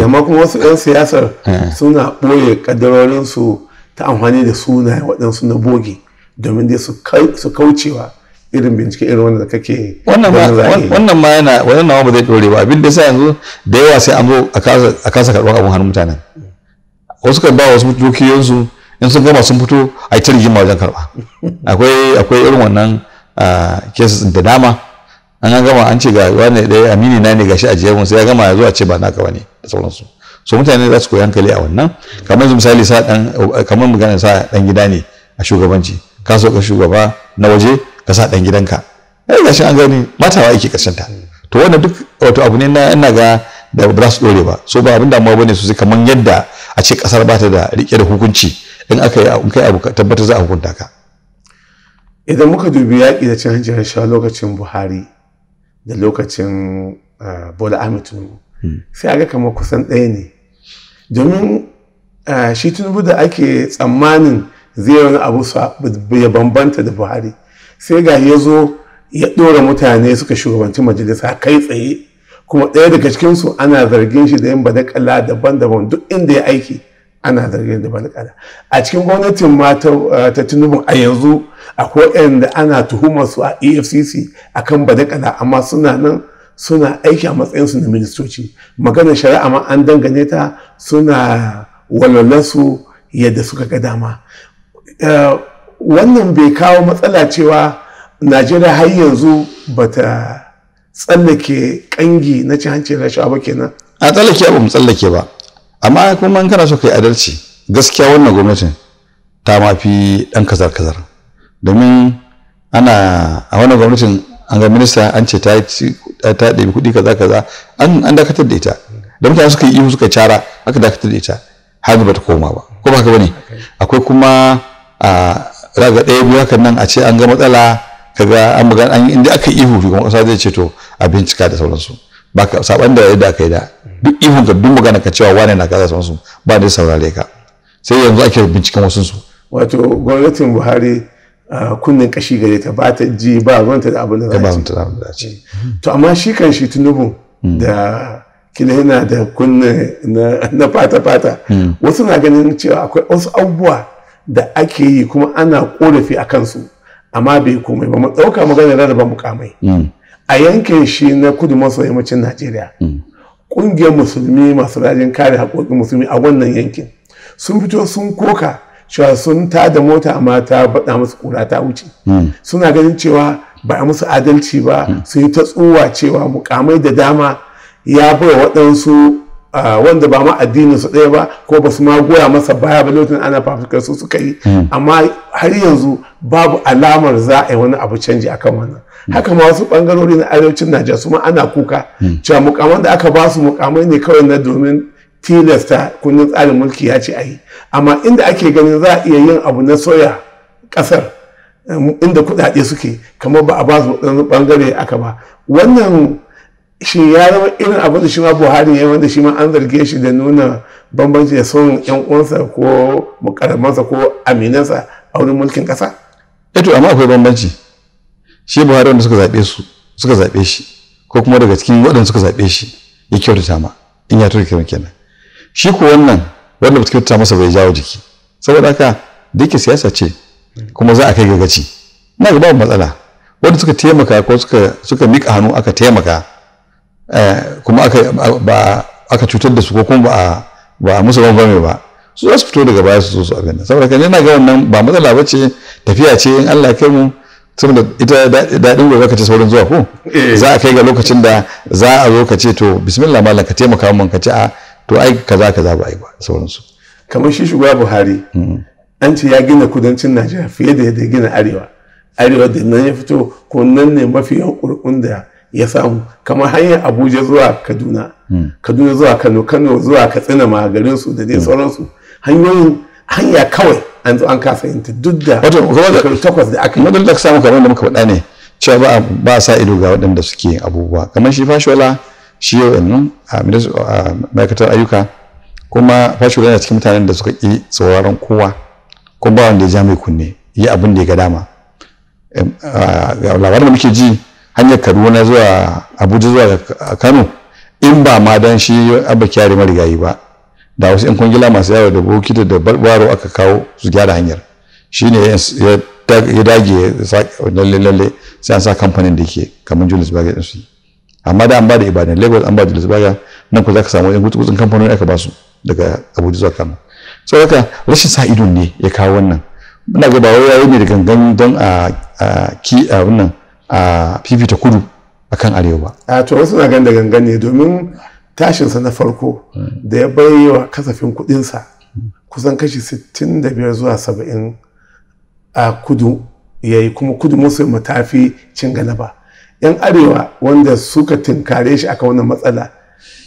amma kuma wasu 'yan siyasar eh. suna ɓoye ƙaddarorinsu ta amfani da sunaye waɗansu na boge domin dai su kaucewa irin bincike irin wanda kake wannan ma yana wannan ma ba zai dore ba abin da sai yanzu da yawa sai an zo a kasa karɓar abin hannun mutanen wasu kan ba wasu dukiyoyinsu in sun gama sun fito a yi ta rigima wajen karɓa akwai akwai irin wannan kesa ah, da dama an gama an ce ga wani ɗaya amini na ne gashi a jiyarmu sai ya gama ya zo a ce ba naka ba ne da sauransu so mutane za su koyi hankali a wannan kamar misali sa dan kamar magana sa dan gida ne a shugabanci ka so ka shugaba na waje ka sa dan gidanka eh, ai an gani matawa yake karshen ta to wannan duk wato abu ne na ina ga da ba su dore ba so ba abin damuwa bane su kaman yadda a ce kasar ba ta da rike da hukunci in aka yi in kai abu tabbata za a hukunta ka idan muka dubi yaƙi da cin hanci sha lokacin Buhari da lokacin eh, Bola Ahmed Tinubu hmm. sai a ga kamar kusan ɗaya ne domin eh, shi Tinubu da ake tsammanin zai wani abu ya bambanta da buhari sai ga ya zo ya ɗora mutane suka shugabanci majalisa kai tsaye kuma ɗaya daga cikinsu ana zargin shi da yin badakala daban-daban duk inda ya aiki ana zargin da badakala a cikin gwamnatin ma ta uh, tinubu a yanzu akwai da ana tuhumar su a efcc akan badakala amma suna nan suna aiki a matsayinsu na ministoci maganar shari'a ma an dangane ta suna walwalarsu yadda suka ga dama Eh, wannan bai kawo matsala cewa najeriya har yanzu ba ta tsallake kangi na cin hanci rashawa ba kenan a tsallake ba mu tsallake ba amma kuma an kana so kai adalci gaskiya wannan gwamnatin ta ma fi dan kazar kazar domin ana a wannan gwamnatin an ga minista an ce ta ta kudi kuɗi kaza kaza an dakatar da ita da mutane suka yi ihu suka cara aka dakatar da ita har ba ta koma ba ko ba haka bane akwai kuma a raga ɗaya biyu hakan nan a ce an ga matsala kaga an magana an inda aka ihu shugaban ƙasa zai ce to a bincika da sauransu ba ka saban da yadda aka yi da duk ihun ka duk magana ka cewa wane na kaza sauransu ba da saurare ka sai yanzu ake binciken wasu su wato gwamnatin Buhari kunnen kashi gare ta ba ta ji ba ruwanta da abin da za ci mm-hmm. to amma shi kan shi tunubu mm. da kila yana da kunne na fata fata mm. wasu na ganin cewa akwai wasu abubuwa da ake yi kuma ana korafi a kansu amma bai komai ba mu ɗauka maganar rarraba mukamai mm. a yankin shi na kudu maso yammacin najeriya mm. ƙungiyar musulmi masu rajin kare haƙoƙin musulmi a wannan yankin sun fito sun koka cewa sun ta da mota amma ta baɗa musu ƙura ta wuce mm. suna ganin cewa ba a musu adalci ba su yi ta tsuwa cewa mukamai da dama ya bai waɗansu wanda ba ma addinin su ɗaya ba ko ba su ma goya masa baya ba lokacin ana fafikar su suka yi hmm. amma har yanzu babu alamar za a yi wani abu canji a kan wannan hmm. haka ma wasu bangarori na arewacin najeriya su ma ana kuka hmm. cewa mukaman da aka ba su mukamai ne kawai na domin tilasta kundin tsarin mulki ya ce a yi amma inda ake ganin za a iya yin abu na soya ƙasar eh, inda kuɗaɗe suke kamar ba a ba su bangare aka ba wannan shi ya zama irin abin da shi ma buhari ya wanda shi ma an zarge shi da nuna bambanci da son yan uwansa ko mukaramansa ko aminansa a wurin mulkin kasa eto eh amma akwai bambanci shi buhari wanda suka zaɓe su suka zabe shi ko kuma daga cikin waɗanda suka zaɓe shi ya kyautata ma in ya tura kiran kenan shi ko wannan wanda ba kyautata masa bai jawo jiki saboda haka da siyasa ce kuma za a kai gagaci na ga babu matsala wanda suka taimaka ko suka suka mika hannu aka taimaka Eh, kuma aka ba aka cutar da su ko kuma ba ba musu gwamgwame ba su za su fito daga baya su zo su abin saboda kan yana ga wannan ba matsala ba ce tafiya ce in Allah kai mu saboda ita daɗin gobe ka ce saurin zuwa ko eh. za a kai ga lokacin da za a zo ka ce to bismillah malam ka taimaka mun ka ce a to ai kaza kaza ba ai ba sauransu kamar shi shugaba Buhari mm-hmm. an ce ya gina kudancin Najeriya fiye da yadda gina arewa arewa da nan ya fito ko nan ne mafi yawan da ya samu kamar hanyar abuja zuwa kaduna hmm. kaduna zuwa kano kano zuwa katsina ma garin su da dai hmm. sauransu hanyoyin hanya kawai an zo an kasa yin ta duk da wato takwas da aka yi madalla da samu kamar da muka faɗa ne cewa ba ba sa ido ga waɗanda suke abubuwa kamar shi fashola shi yau ɗin a ma'aikatar ayyuka kuma fashola yana cikin mutanen da suka ƙi tsawaran kowa ko ba wanda ya ja mai kunne yi abin da ya ga dama labarin da muke ji hanyar kaduna zuwa abuja zuwa kano in ba ma dan shi abba kyari marigayi ba da wasu yan kwangila masu yawo da bokiti da baro aka kawo su gyara hanyar shi ne ya dage lalle lalle sai an sa kamfanin da ke kamar julius baga din su amma da an ba da ibadan lagos an ba julius baga nan ku za ka samu yan gutsun kamfanin aka ba su daga abuja zuwa kano sau haka rashin sa ido ne ya kawo wannan muna ga ba wai yayi ne da gangan don a ki a wannan a fifita kudu a kan arewa a to wasu na gan da gangan ne domin tashinsa na farko da ya baiwa kasafin kudinsa kusan kashi 65 zuwa 70 a kudu ya yi kuma kudu musu matafi cin galaba yan arewa wanda suka tinkare shi aka wannan matsala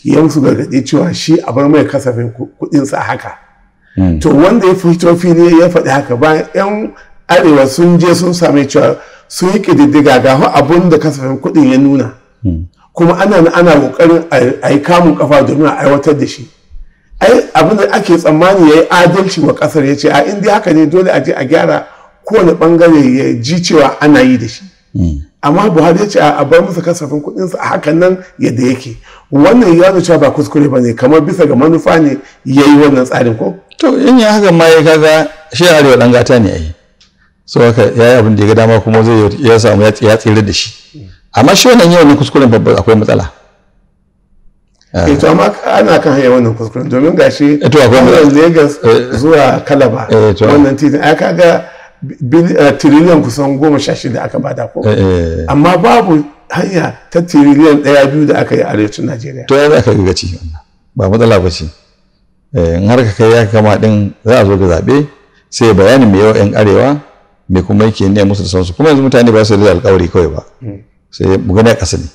yan su gargaɗi cewa shi a bar mai kasafin kudinsa haka hmm. to wanda ya fito ne ya faɗi haka bayan yan arewa sun je sun same cewa sun yi ƙididdiga ga abin da kasafin kuɗin ya nuna hmm. kuma ana ana ƙoƙarin a yi kamun kafa domin a aiwatar da shi ai abin da ake tsammani ya yi adalci wa ƙasar ya ce a inda haka ne dole a je a gyara kowane ɓangare ya ji cewa ana yi da shi hmm. amma buhari ya ce a bar musu kasafin su a hakan nan yadda yake wannan ya nuna ba kuskure ba ne kamar bisa ga manufa ne ya yi wannan tsarin ko to in ya haka ma ya kaga shi arewa ɗan gata ne a yi so aka ya yi abin da ya ga dama kuma zai ya samu ya tsere da shi amma shi wannan yawan kuskuren babba akwai matsala eh to amma ana kan hanyar wannan kuskuren domin gashi eh, to akwai matsala Lagos eh. zuwa Kalaba eh, wannan titin ai kaga tiriliyan kusan goma sha shida aka bada ko amma babu hanya ta tiriliyan ɗaya biyu da aka yi a arewacin Najeriya to yanzu aka yi gaci ba matsala ba ce in har ka kai ya kama din za a zo ga zaɓe sai bayanin mai yawa 'yan arewa Mai kuma yake niyya musu da sansu kuma yanzu mutane ba su da alƙawari kawai ba hmm. sai mu gani a ƙasa ne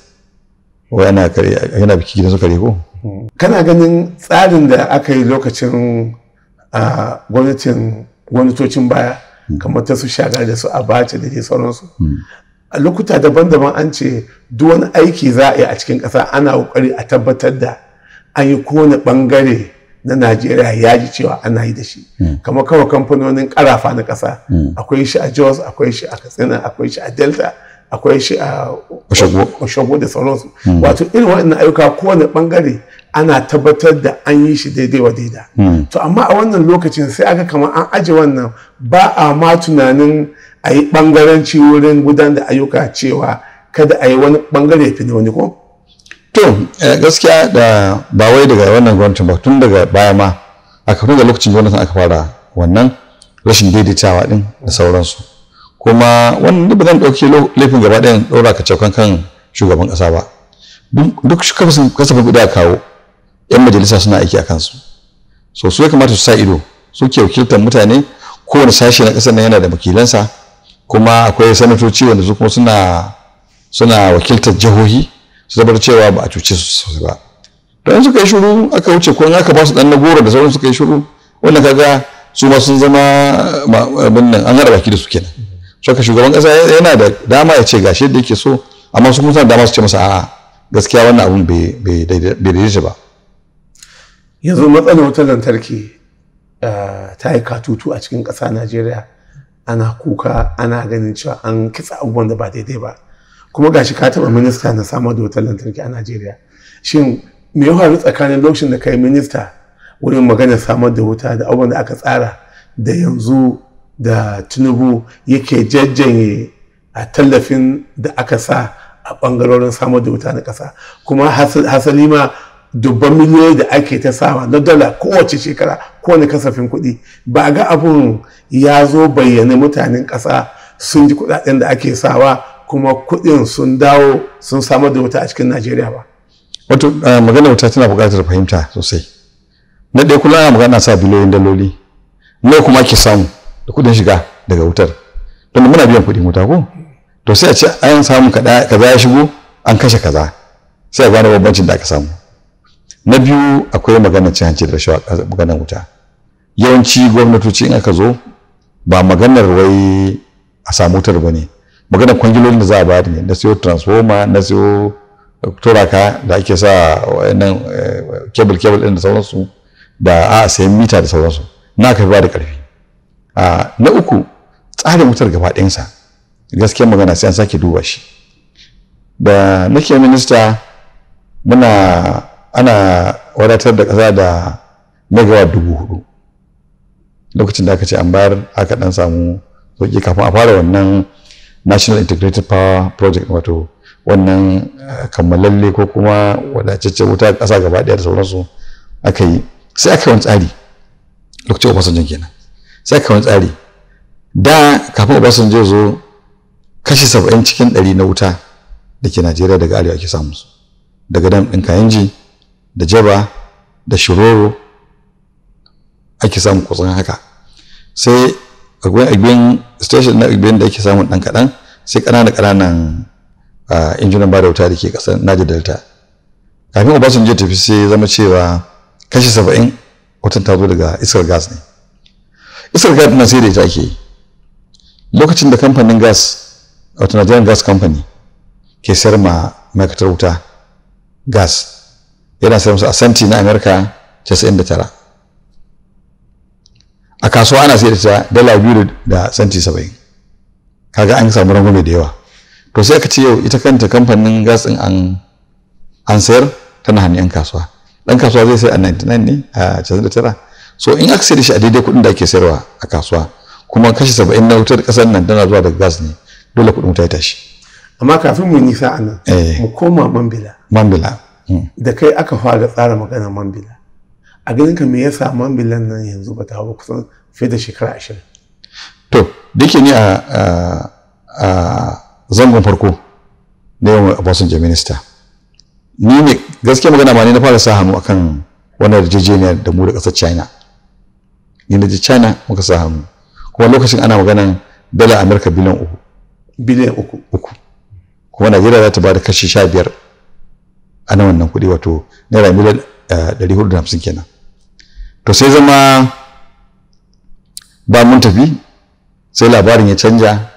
wai yana biki gidan su kare ko hmm. kana ganin tsarin da aka yi lokacin gwamnatin gwamnatocin baya hmm. kamar ta su shaga da su a abace da dai sauransu a lokuta daban-daban an ce duk wani aiki za a yi a cikin ƙasa ana ƙoƙari a tabbatar da an yi kowane ɓangare na najeriya ya ji cewa ana yi da shi hmm. kamar kawai kamfanonin karafa na ƙasa hmm. akwai shi a jos akwai shi a katsina akwai shi a delta akwai shi a Oshogbo da sauransu hmm. wato irin waɗannan ayyuka kowane ɓangare ana tabbatar da an yi shi daidai wa daida to amma a wannan lokacin sai aka kama an aje wannan ba a ma tunanin a yi ɓangaranci wurin gudanar da ayyuka cewa kada a yi wani ɓangare fi wani ko to eh, gaskiya da ba wai daga wannan gwamnatin ba tun daga baya ma a kafin da lokacin gwamnatin aka fara wannan rashin daidaitawa din da sauransu kuma wannan ba zan ɗauki laifin gaba ɗayan ɗora ka caukan kan shugaban ƙasa ba duk kasafin kuɗi a kawo 'yan majalisa suna aiki a kansu so su ya kamata su sa ido suke wakiltar mutane kowane sashe na ƙasar nan yana da wakilansa kuma akwai sanatoci wanda su kuma suna suna wakiltar jihohi su zabar cewa ba a cuce su sosai ba don suka yi shuru aka wuce ko aka ba su dan na goro da sauran suka yi shuru wanda kaga su ma sun zama abin nan an haɗa baki da su kenan ka shugaban kasa yana da dama ya ce gashi yadda yake so amma su kuma dama su ce masa a'a gaskiya wannan abun bai shi ba yanzu matsalar wutar lantarki eh, ta yi katutu a cikin ƙasa najeriya ana kuka ana ganin cewa an kitsa abubuwan da ba daidai ba kuma ga shi ka taɓa minista na samar da wutar lantarki a najeriya shin me ya faru tsakanin lokacin da kai minista wurin magana samar da wuta da abin da aka tsara da yanzu da tinubu yake jajjanye a tallafin da aka sa a ɓangarorin samar da wuta na ƙasa kuma hasali ma dubban miliyoyi da ake ta sawa na dala kowace shekara kowane kasafin kuɗi ba ga abun ya zo bayyana mutanen ƙasa sun ji kuɗaɗen da ake sawa kuma kuɗin sun dawo sun samar da wuta a cikin najeriya ba wato magana wuta tana buƙatar fahimta sosai na ɗaya kula ana magana sa biliyoyin daloli me kuma ake samu da kuɗin shiga daga wutar don muna biyan kuɗin wuta ko to sai a ce an samu kaza ya shigo an kashe kaza sai a gane bambancin da aka samu na biyu akwai magana cin hanci da rashawa maganar wuta yawanci gwamnatoci in aka zo ba maganar wai a samu wutar ba ne maganar kwangilolin da za a bayar ne na siyo transformer na siyo eh, turaka da ake sa wayannan eh, cable cable din da sauransu da a sayan mita da sauransu na ka ba da karfi a na uku tsarin wutar gaba sa gaskiya magana sai an sake duba shi da nake minista muna ana wadatar da ƙasa da megawatt dubu hudu lokacin da aka ce an bayar aka dan samu sauki kafin a fara wannan national integrated power project wato wannan eh, kammalalle ko kuma wadataccen wuta ƙasa gaba ɗaya da sauransu aka yi sai aka yi wani tsari lokacin obasanjo kenan sai aka yi wani tsari da kafin obasanjo zo kashi saba'in cikin ɗari na wuta da ke najeriya daga arewa ake samu su daga dam ɗin kayanji da jaba da shiroro ake samun kutsan haka sai akwai agbin station na agbin da ake samun dan kaɗan sai ƙananan ƙananan injunan ba da wuta da ke ƙasar Niger Delta kafin Obasanjo tafi sai zama cewa kashi saba'in watan ta zo daga iskar gas ne iskar gas na sai da ita ake lokacin da kamfanin gas wato Nigerian gas company ke sayar ma ma'aikatar wuta gas yana sayar musu a santi na Amerika 99 a kasuwa ana sai da ta dala biyu da santi saba'in kaga an samu rangwame da yawa to sai aka ce yau ita kanta kamfanin gas ɗin an an sayar tana hannun 'yan kasuwa ɗan kasuwa zai sai a 99 ne a 99 so in aka sai da shi a daidai kuɗin da ake sayarwa a kasuwa kuma kashi 70 na wutar ƙasar nan tana zuwa daga gas ne dole kuɗin wuta ya tashi amma kafin mu yi sa'a nan eh. mu koma mambila mambila hmm. da kai aka fara tsara magana mambila a ganin ka me ya samu ambulan nan yanzu ba ta hau kusan fiye da shekara ashirin to da yake ni a zangon farko na yawan jami minista ni ne gaske magana ma ne na fara sa hannu akan wannan yarjejeniya da mu da ƙasar china ni na je china muka sa hannu kuma lokacin ana maganan dala amurka biliyan uku biliyan uku uku kuma najeriya za ta ba da kashi sha biyar a wannan kuɗi wato naira miliyan eh, ɗari hudu da hamsin kenan to sai zama ba mun tafi sai labarin ya canja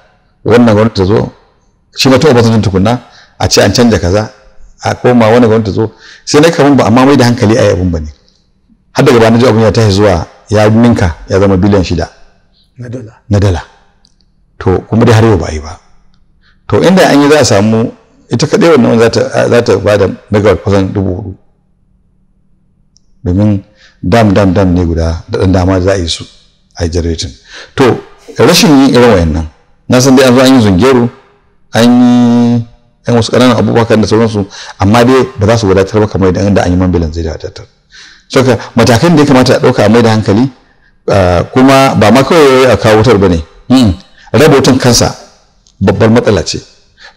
wannan gwamnati ta zo shi ba ta obasanjo tukunna a ce an canja kaza a koma wani gwamnati ta zo sai na kamun ba amma mai da hankali a abun ba ne har daga bana ji abun ya tashi zuwa ya ninka ya zama biliyan shida na dala to kuma dai har yau ba yi ba to inda an yi za a samu ita kaɗai wannan za ta ba da megawatt kusan dubu hudu domin dam dam dam ne guda da ɗan dama za a yi su a yi janaretin to rashin yin irin wayannan na san dai an zo an yi zungero an yi yan wasu ƙananan abubakar da sauransu amma dai ba za su wadatar ba kamar yadda an yi mambilan zai wadatar saka matakan da ya kamata a ɗauka a mai da hankali kuma ba ma kawai a kawo wutar ba ne hmm, raba kansa babbar matsala ce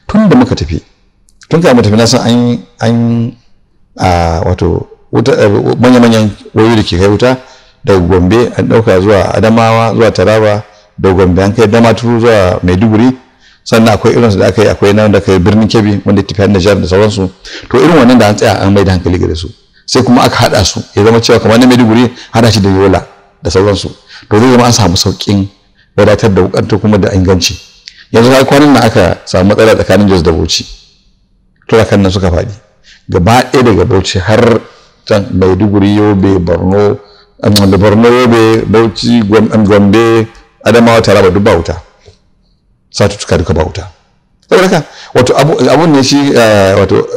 tun da muka tafi tun kafin tafi na san an wato Eh, manya-manyan wayoyi da ke kai wuta daga gombe an ɗauka zuwa adamawa zuwa taraba da gombe an kai turu zuwa maiduguri sannan akwai irin da aka yi akwai nan da kai birnin kebbi wanda tafi hannun jihar da sauransu to irin wannan da an tsaya an mai da hankali gare su sai kuma aka haɗa su ya zama cewa kamar na maiduguri hada shi da yola da sauransu to zai zama an samu sauƙin wadatar da wukanta kuma da inganci yanzu kai kwanan nan aka samu matsala tsakanin jos da bauchi to kan nan suka faɗi gaba ɗaya daga bauchi har can maiduguri yobe borno da borno yobe bauchi gombe adamawa taraba duk ba wuta tuka duka ba wuta saboda haka wato abun ne shi eh, wato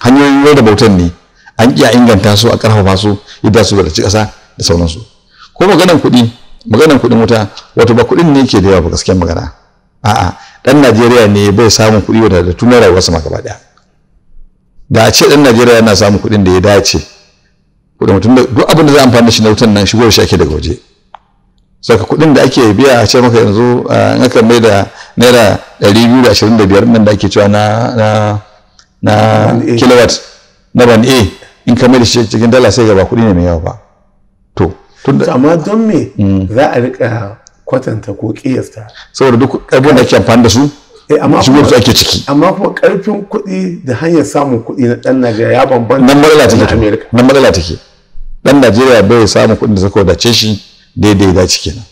hanyoyin yau da bautan ne an iya inganta su a karfafa su yadda su da ci kasa da sauransu ko maganan kuɗi maganan kuɗin wuta wato ba kuɗin ne ke da yawa ba gaskiyar magana a'a dan Najeriya ne bai samun kuɗi wadda da tunan rayuwarsa ma gaba ɗaya da a ce dan Najeriya yana samun kuɗin da ya dace kuɗin mutum da duk abin da za a amfani da shi na wutan nan shigowar shi ake daga waje saka kuɗin da ake biya a ce maka yanzu in aka mai da naira ɗari biyu da ashirin da biyar nan da ake cewa na na na kilowatt na ban a in ka mai da shi cikin dala sai gaba kuɗi ne mai yawa ba to amma don me mm. za a rika kwatanta ko kiyasta saboda duk abin da ake amfani da su eh, amma su ake ciki amma kuma karfin kuɗi da hanyar samun kuɗi na ɗan Najeriya ya bambanta na matsala nan matsala take dan najeriya bai samu kuɗin da suka wadace shi daidai da ciki kenan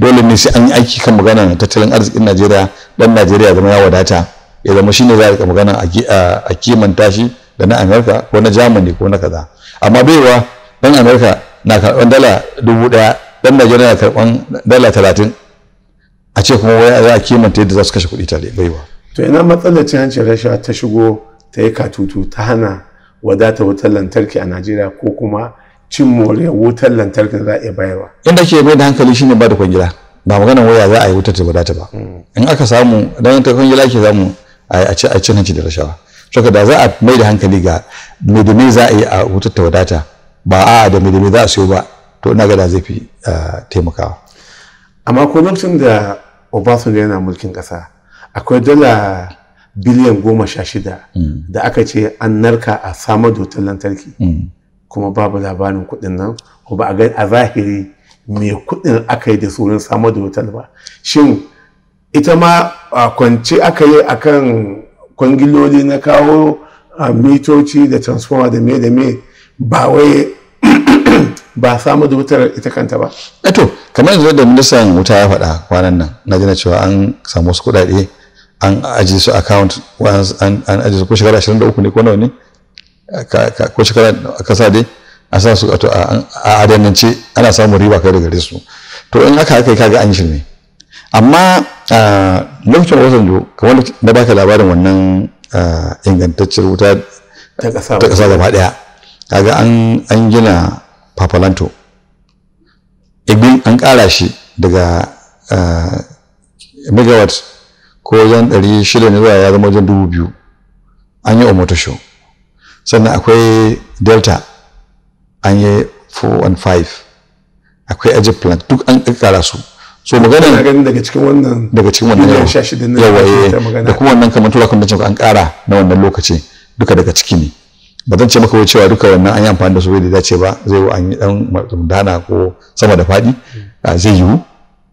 dole ne sai an yi aiki kan magana tattalin arzikin najeriya dan najeriya zama ya wadata ya zama shine za a rika magana a kimanta shi da na amerika ko na germany ko na kaza amma baiwa dan amerika na karɓan dala dubu ɗaya dan najeriya na karɓan dala talatin a ce kuma wai za a kimanta yadda za su kashe kuɗi tare baiwa to ina matsalar cin hanci rasha ta shigo ta yi katutu ta hana wadata wutar lantarki a najeriya ko kuma cin more wutar lantarkin za a iya bayarwa. Inda ke mai da hankali shine ba da kwangila ba maganar waya za a yi wutar ta ba. In aka samu dan ta kwangila ke samu a ci a cin hanci da rashawa. Saboda da za a mai da hankali ga me za a yi a wutar ta wadata ba a da me za a siyo ba to ina ga da zai fi taimakawa. Amma ko lokacin da Obasanjo yana mulkin ƙasa akwai dala biliyan goma sha shida mm. da aka ce an narka a samar da wutar lantarki. Mm. kuma babu labarin kuɗin nan ko ba a a zahiri me kuɗin aka yi da sunan samar da wutar ba shin ita ma a kwance aka yi a kan kwangiloli na kawo a mitoci da transformer da me da me ba wai ba samu da wutar ita kanta ba. Eto, eh kamar yanzu da ministan wuta ya faɗa kwanan nan, na gina cewa an samu wasu kuɗaɗe an aji su account an aji su ko shekara 23 ne ko nawa ne? ko shekara a kasa dai a sa su wato a adanance ana samun riba kai daga gare to in haka aka yi kaga an shirme amma lokacin wasan kamar na baka labarin wannan ingantaccen wuta ta kasa gaba ɗaya kaga an gina papalanto igbin an kara shi daga megawatt ko zan 600 ne zuwa ya zama wajen 2000 an yi sho. sannan akwai delta an yi 415 akwai egypt plant duk an kakkara su so magana daga cikin wannan daga cikin wannan yawa eh, da kuma wannan kamar tura convention an kara na wannan lokaci duka daga ciki ne ba zan ce maka wai cewa duka wannan an yi amfani da su bai dace ba zai yi an yi dan dana ko sama da fadi zai yiwu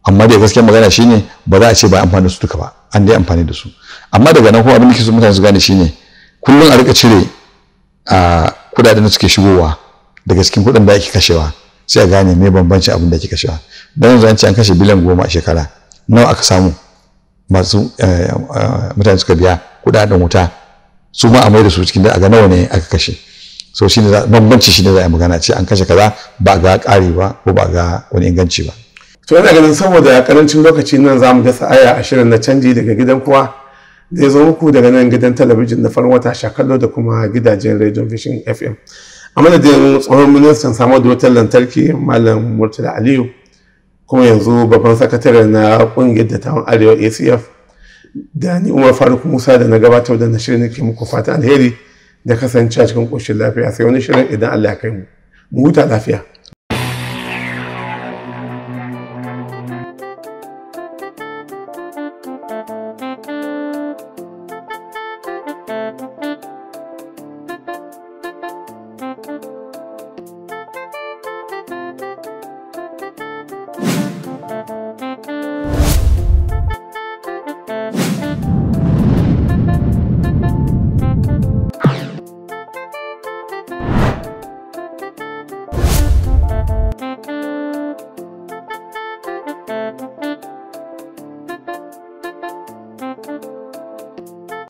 amma dai gaskiya magana shine ba za a ce ba amfani da su duka ba an dai amfani da su amma daga nan kuma abin da ke so mutane su gane shine kullum a rika cire a kudaden da suke shigowa daga cikin kudin da ake kashewa sai a gane me bambancin abin da ake kashewa don yanzu an ce an kashe biliyan goma a shekara nawa aka samu masu eh, mutane suka biya kudaden wuta su ma a mai da su cikin da a ga nawa ne aka kashe so shi za bambanci ne za a magana ce an kashe kaza ba ga ƙari ba ko ba ga wani inganci ba to yana ganin saboda karancin lokaci nan za mu dasa aya a shirin na canji daga gidan kuwa zai zo muku daga nan gidan talabijin na farin wata shakallo da kuma gidajen radio vision fm a madadin tsohon ministan samar da wutar lantarki malam murtala aliyu kuma yanzu babban sakatare na kungiyar tawon arewa acf da ni umar faruk musa da na gabatar da na shirin ke muku fata alheri da kasance a cikin koshin lafiya sai wani shirin idan allah ya kai mu huta lafiya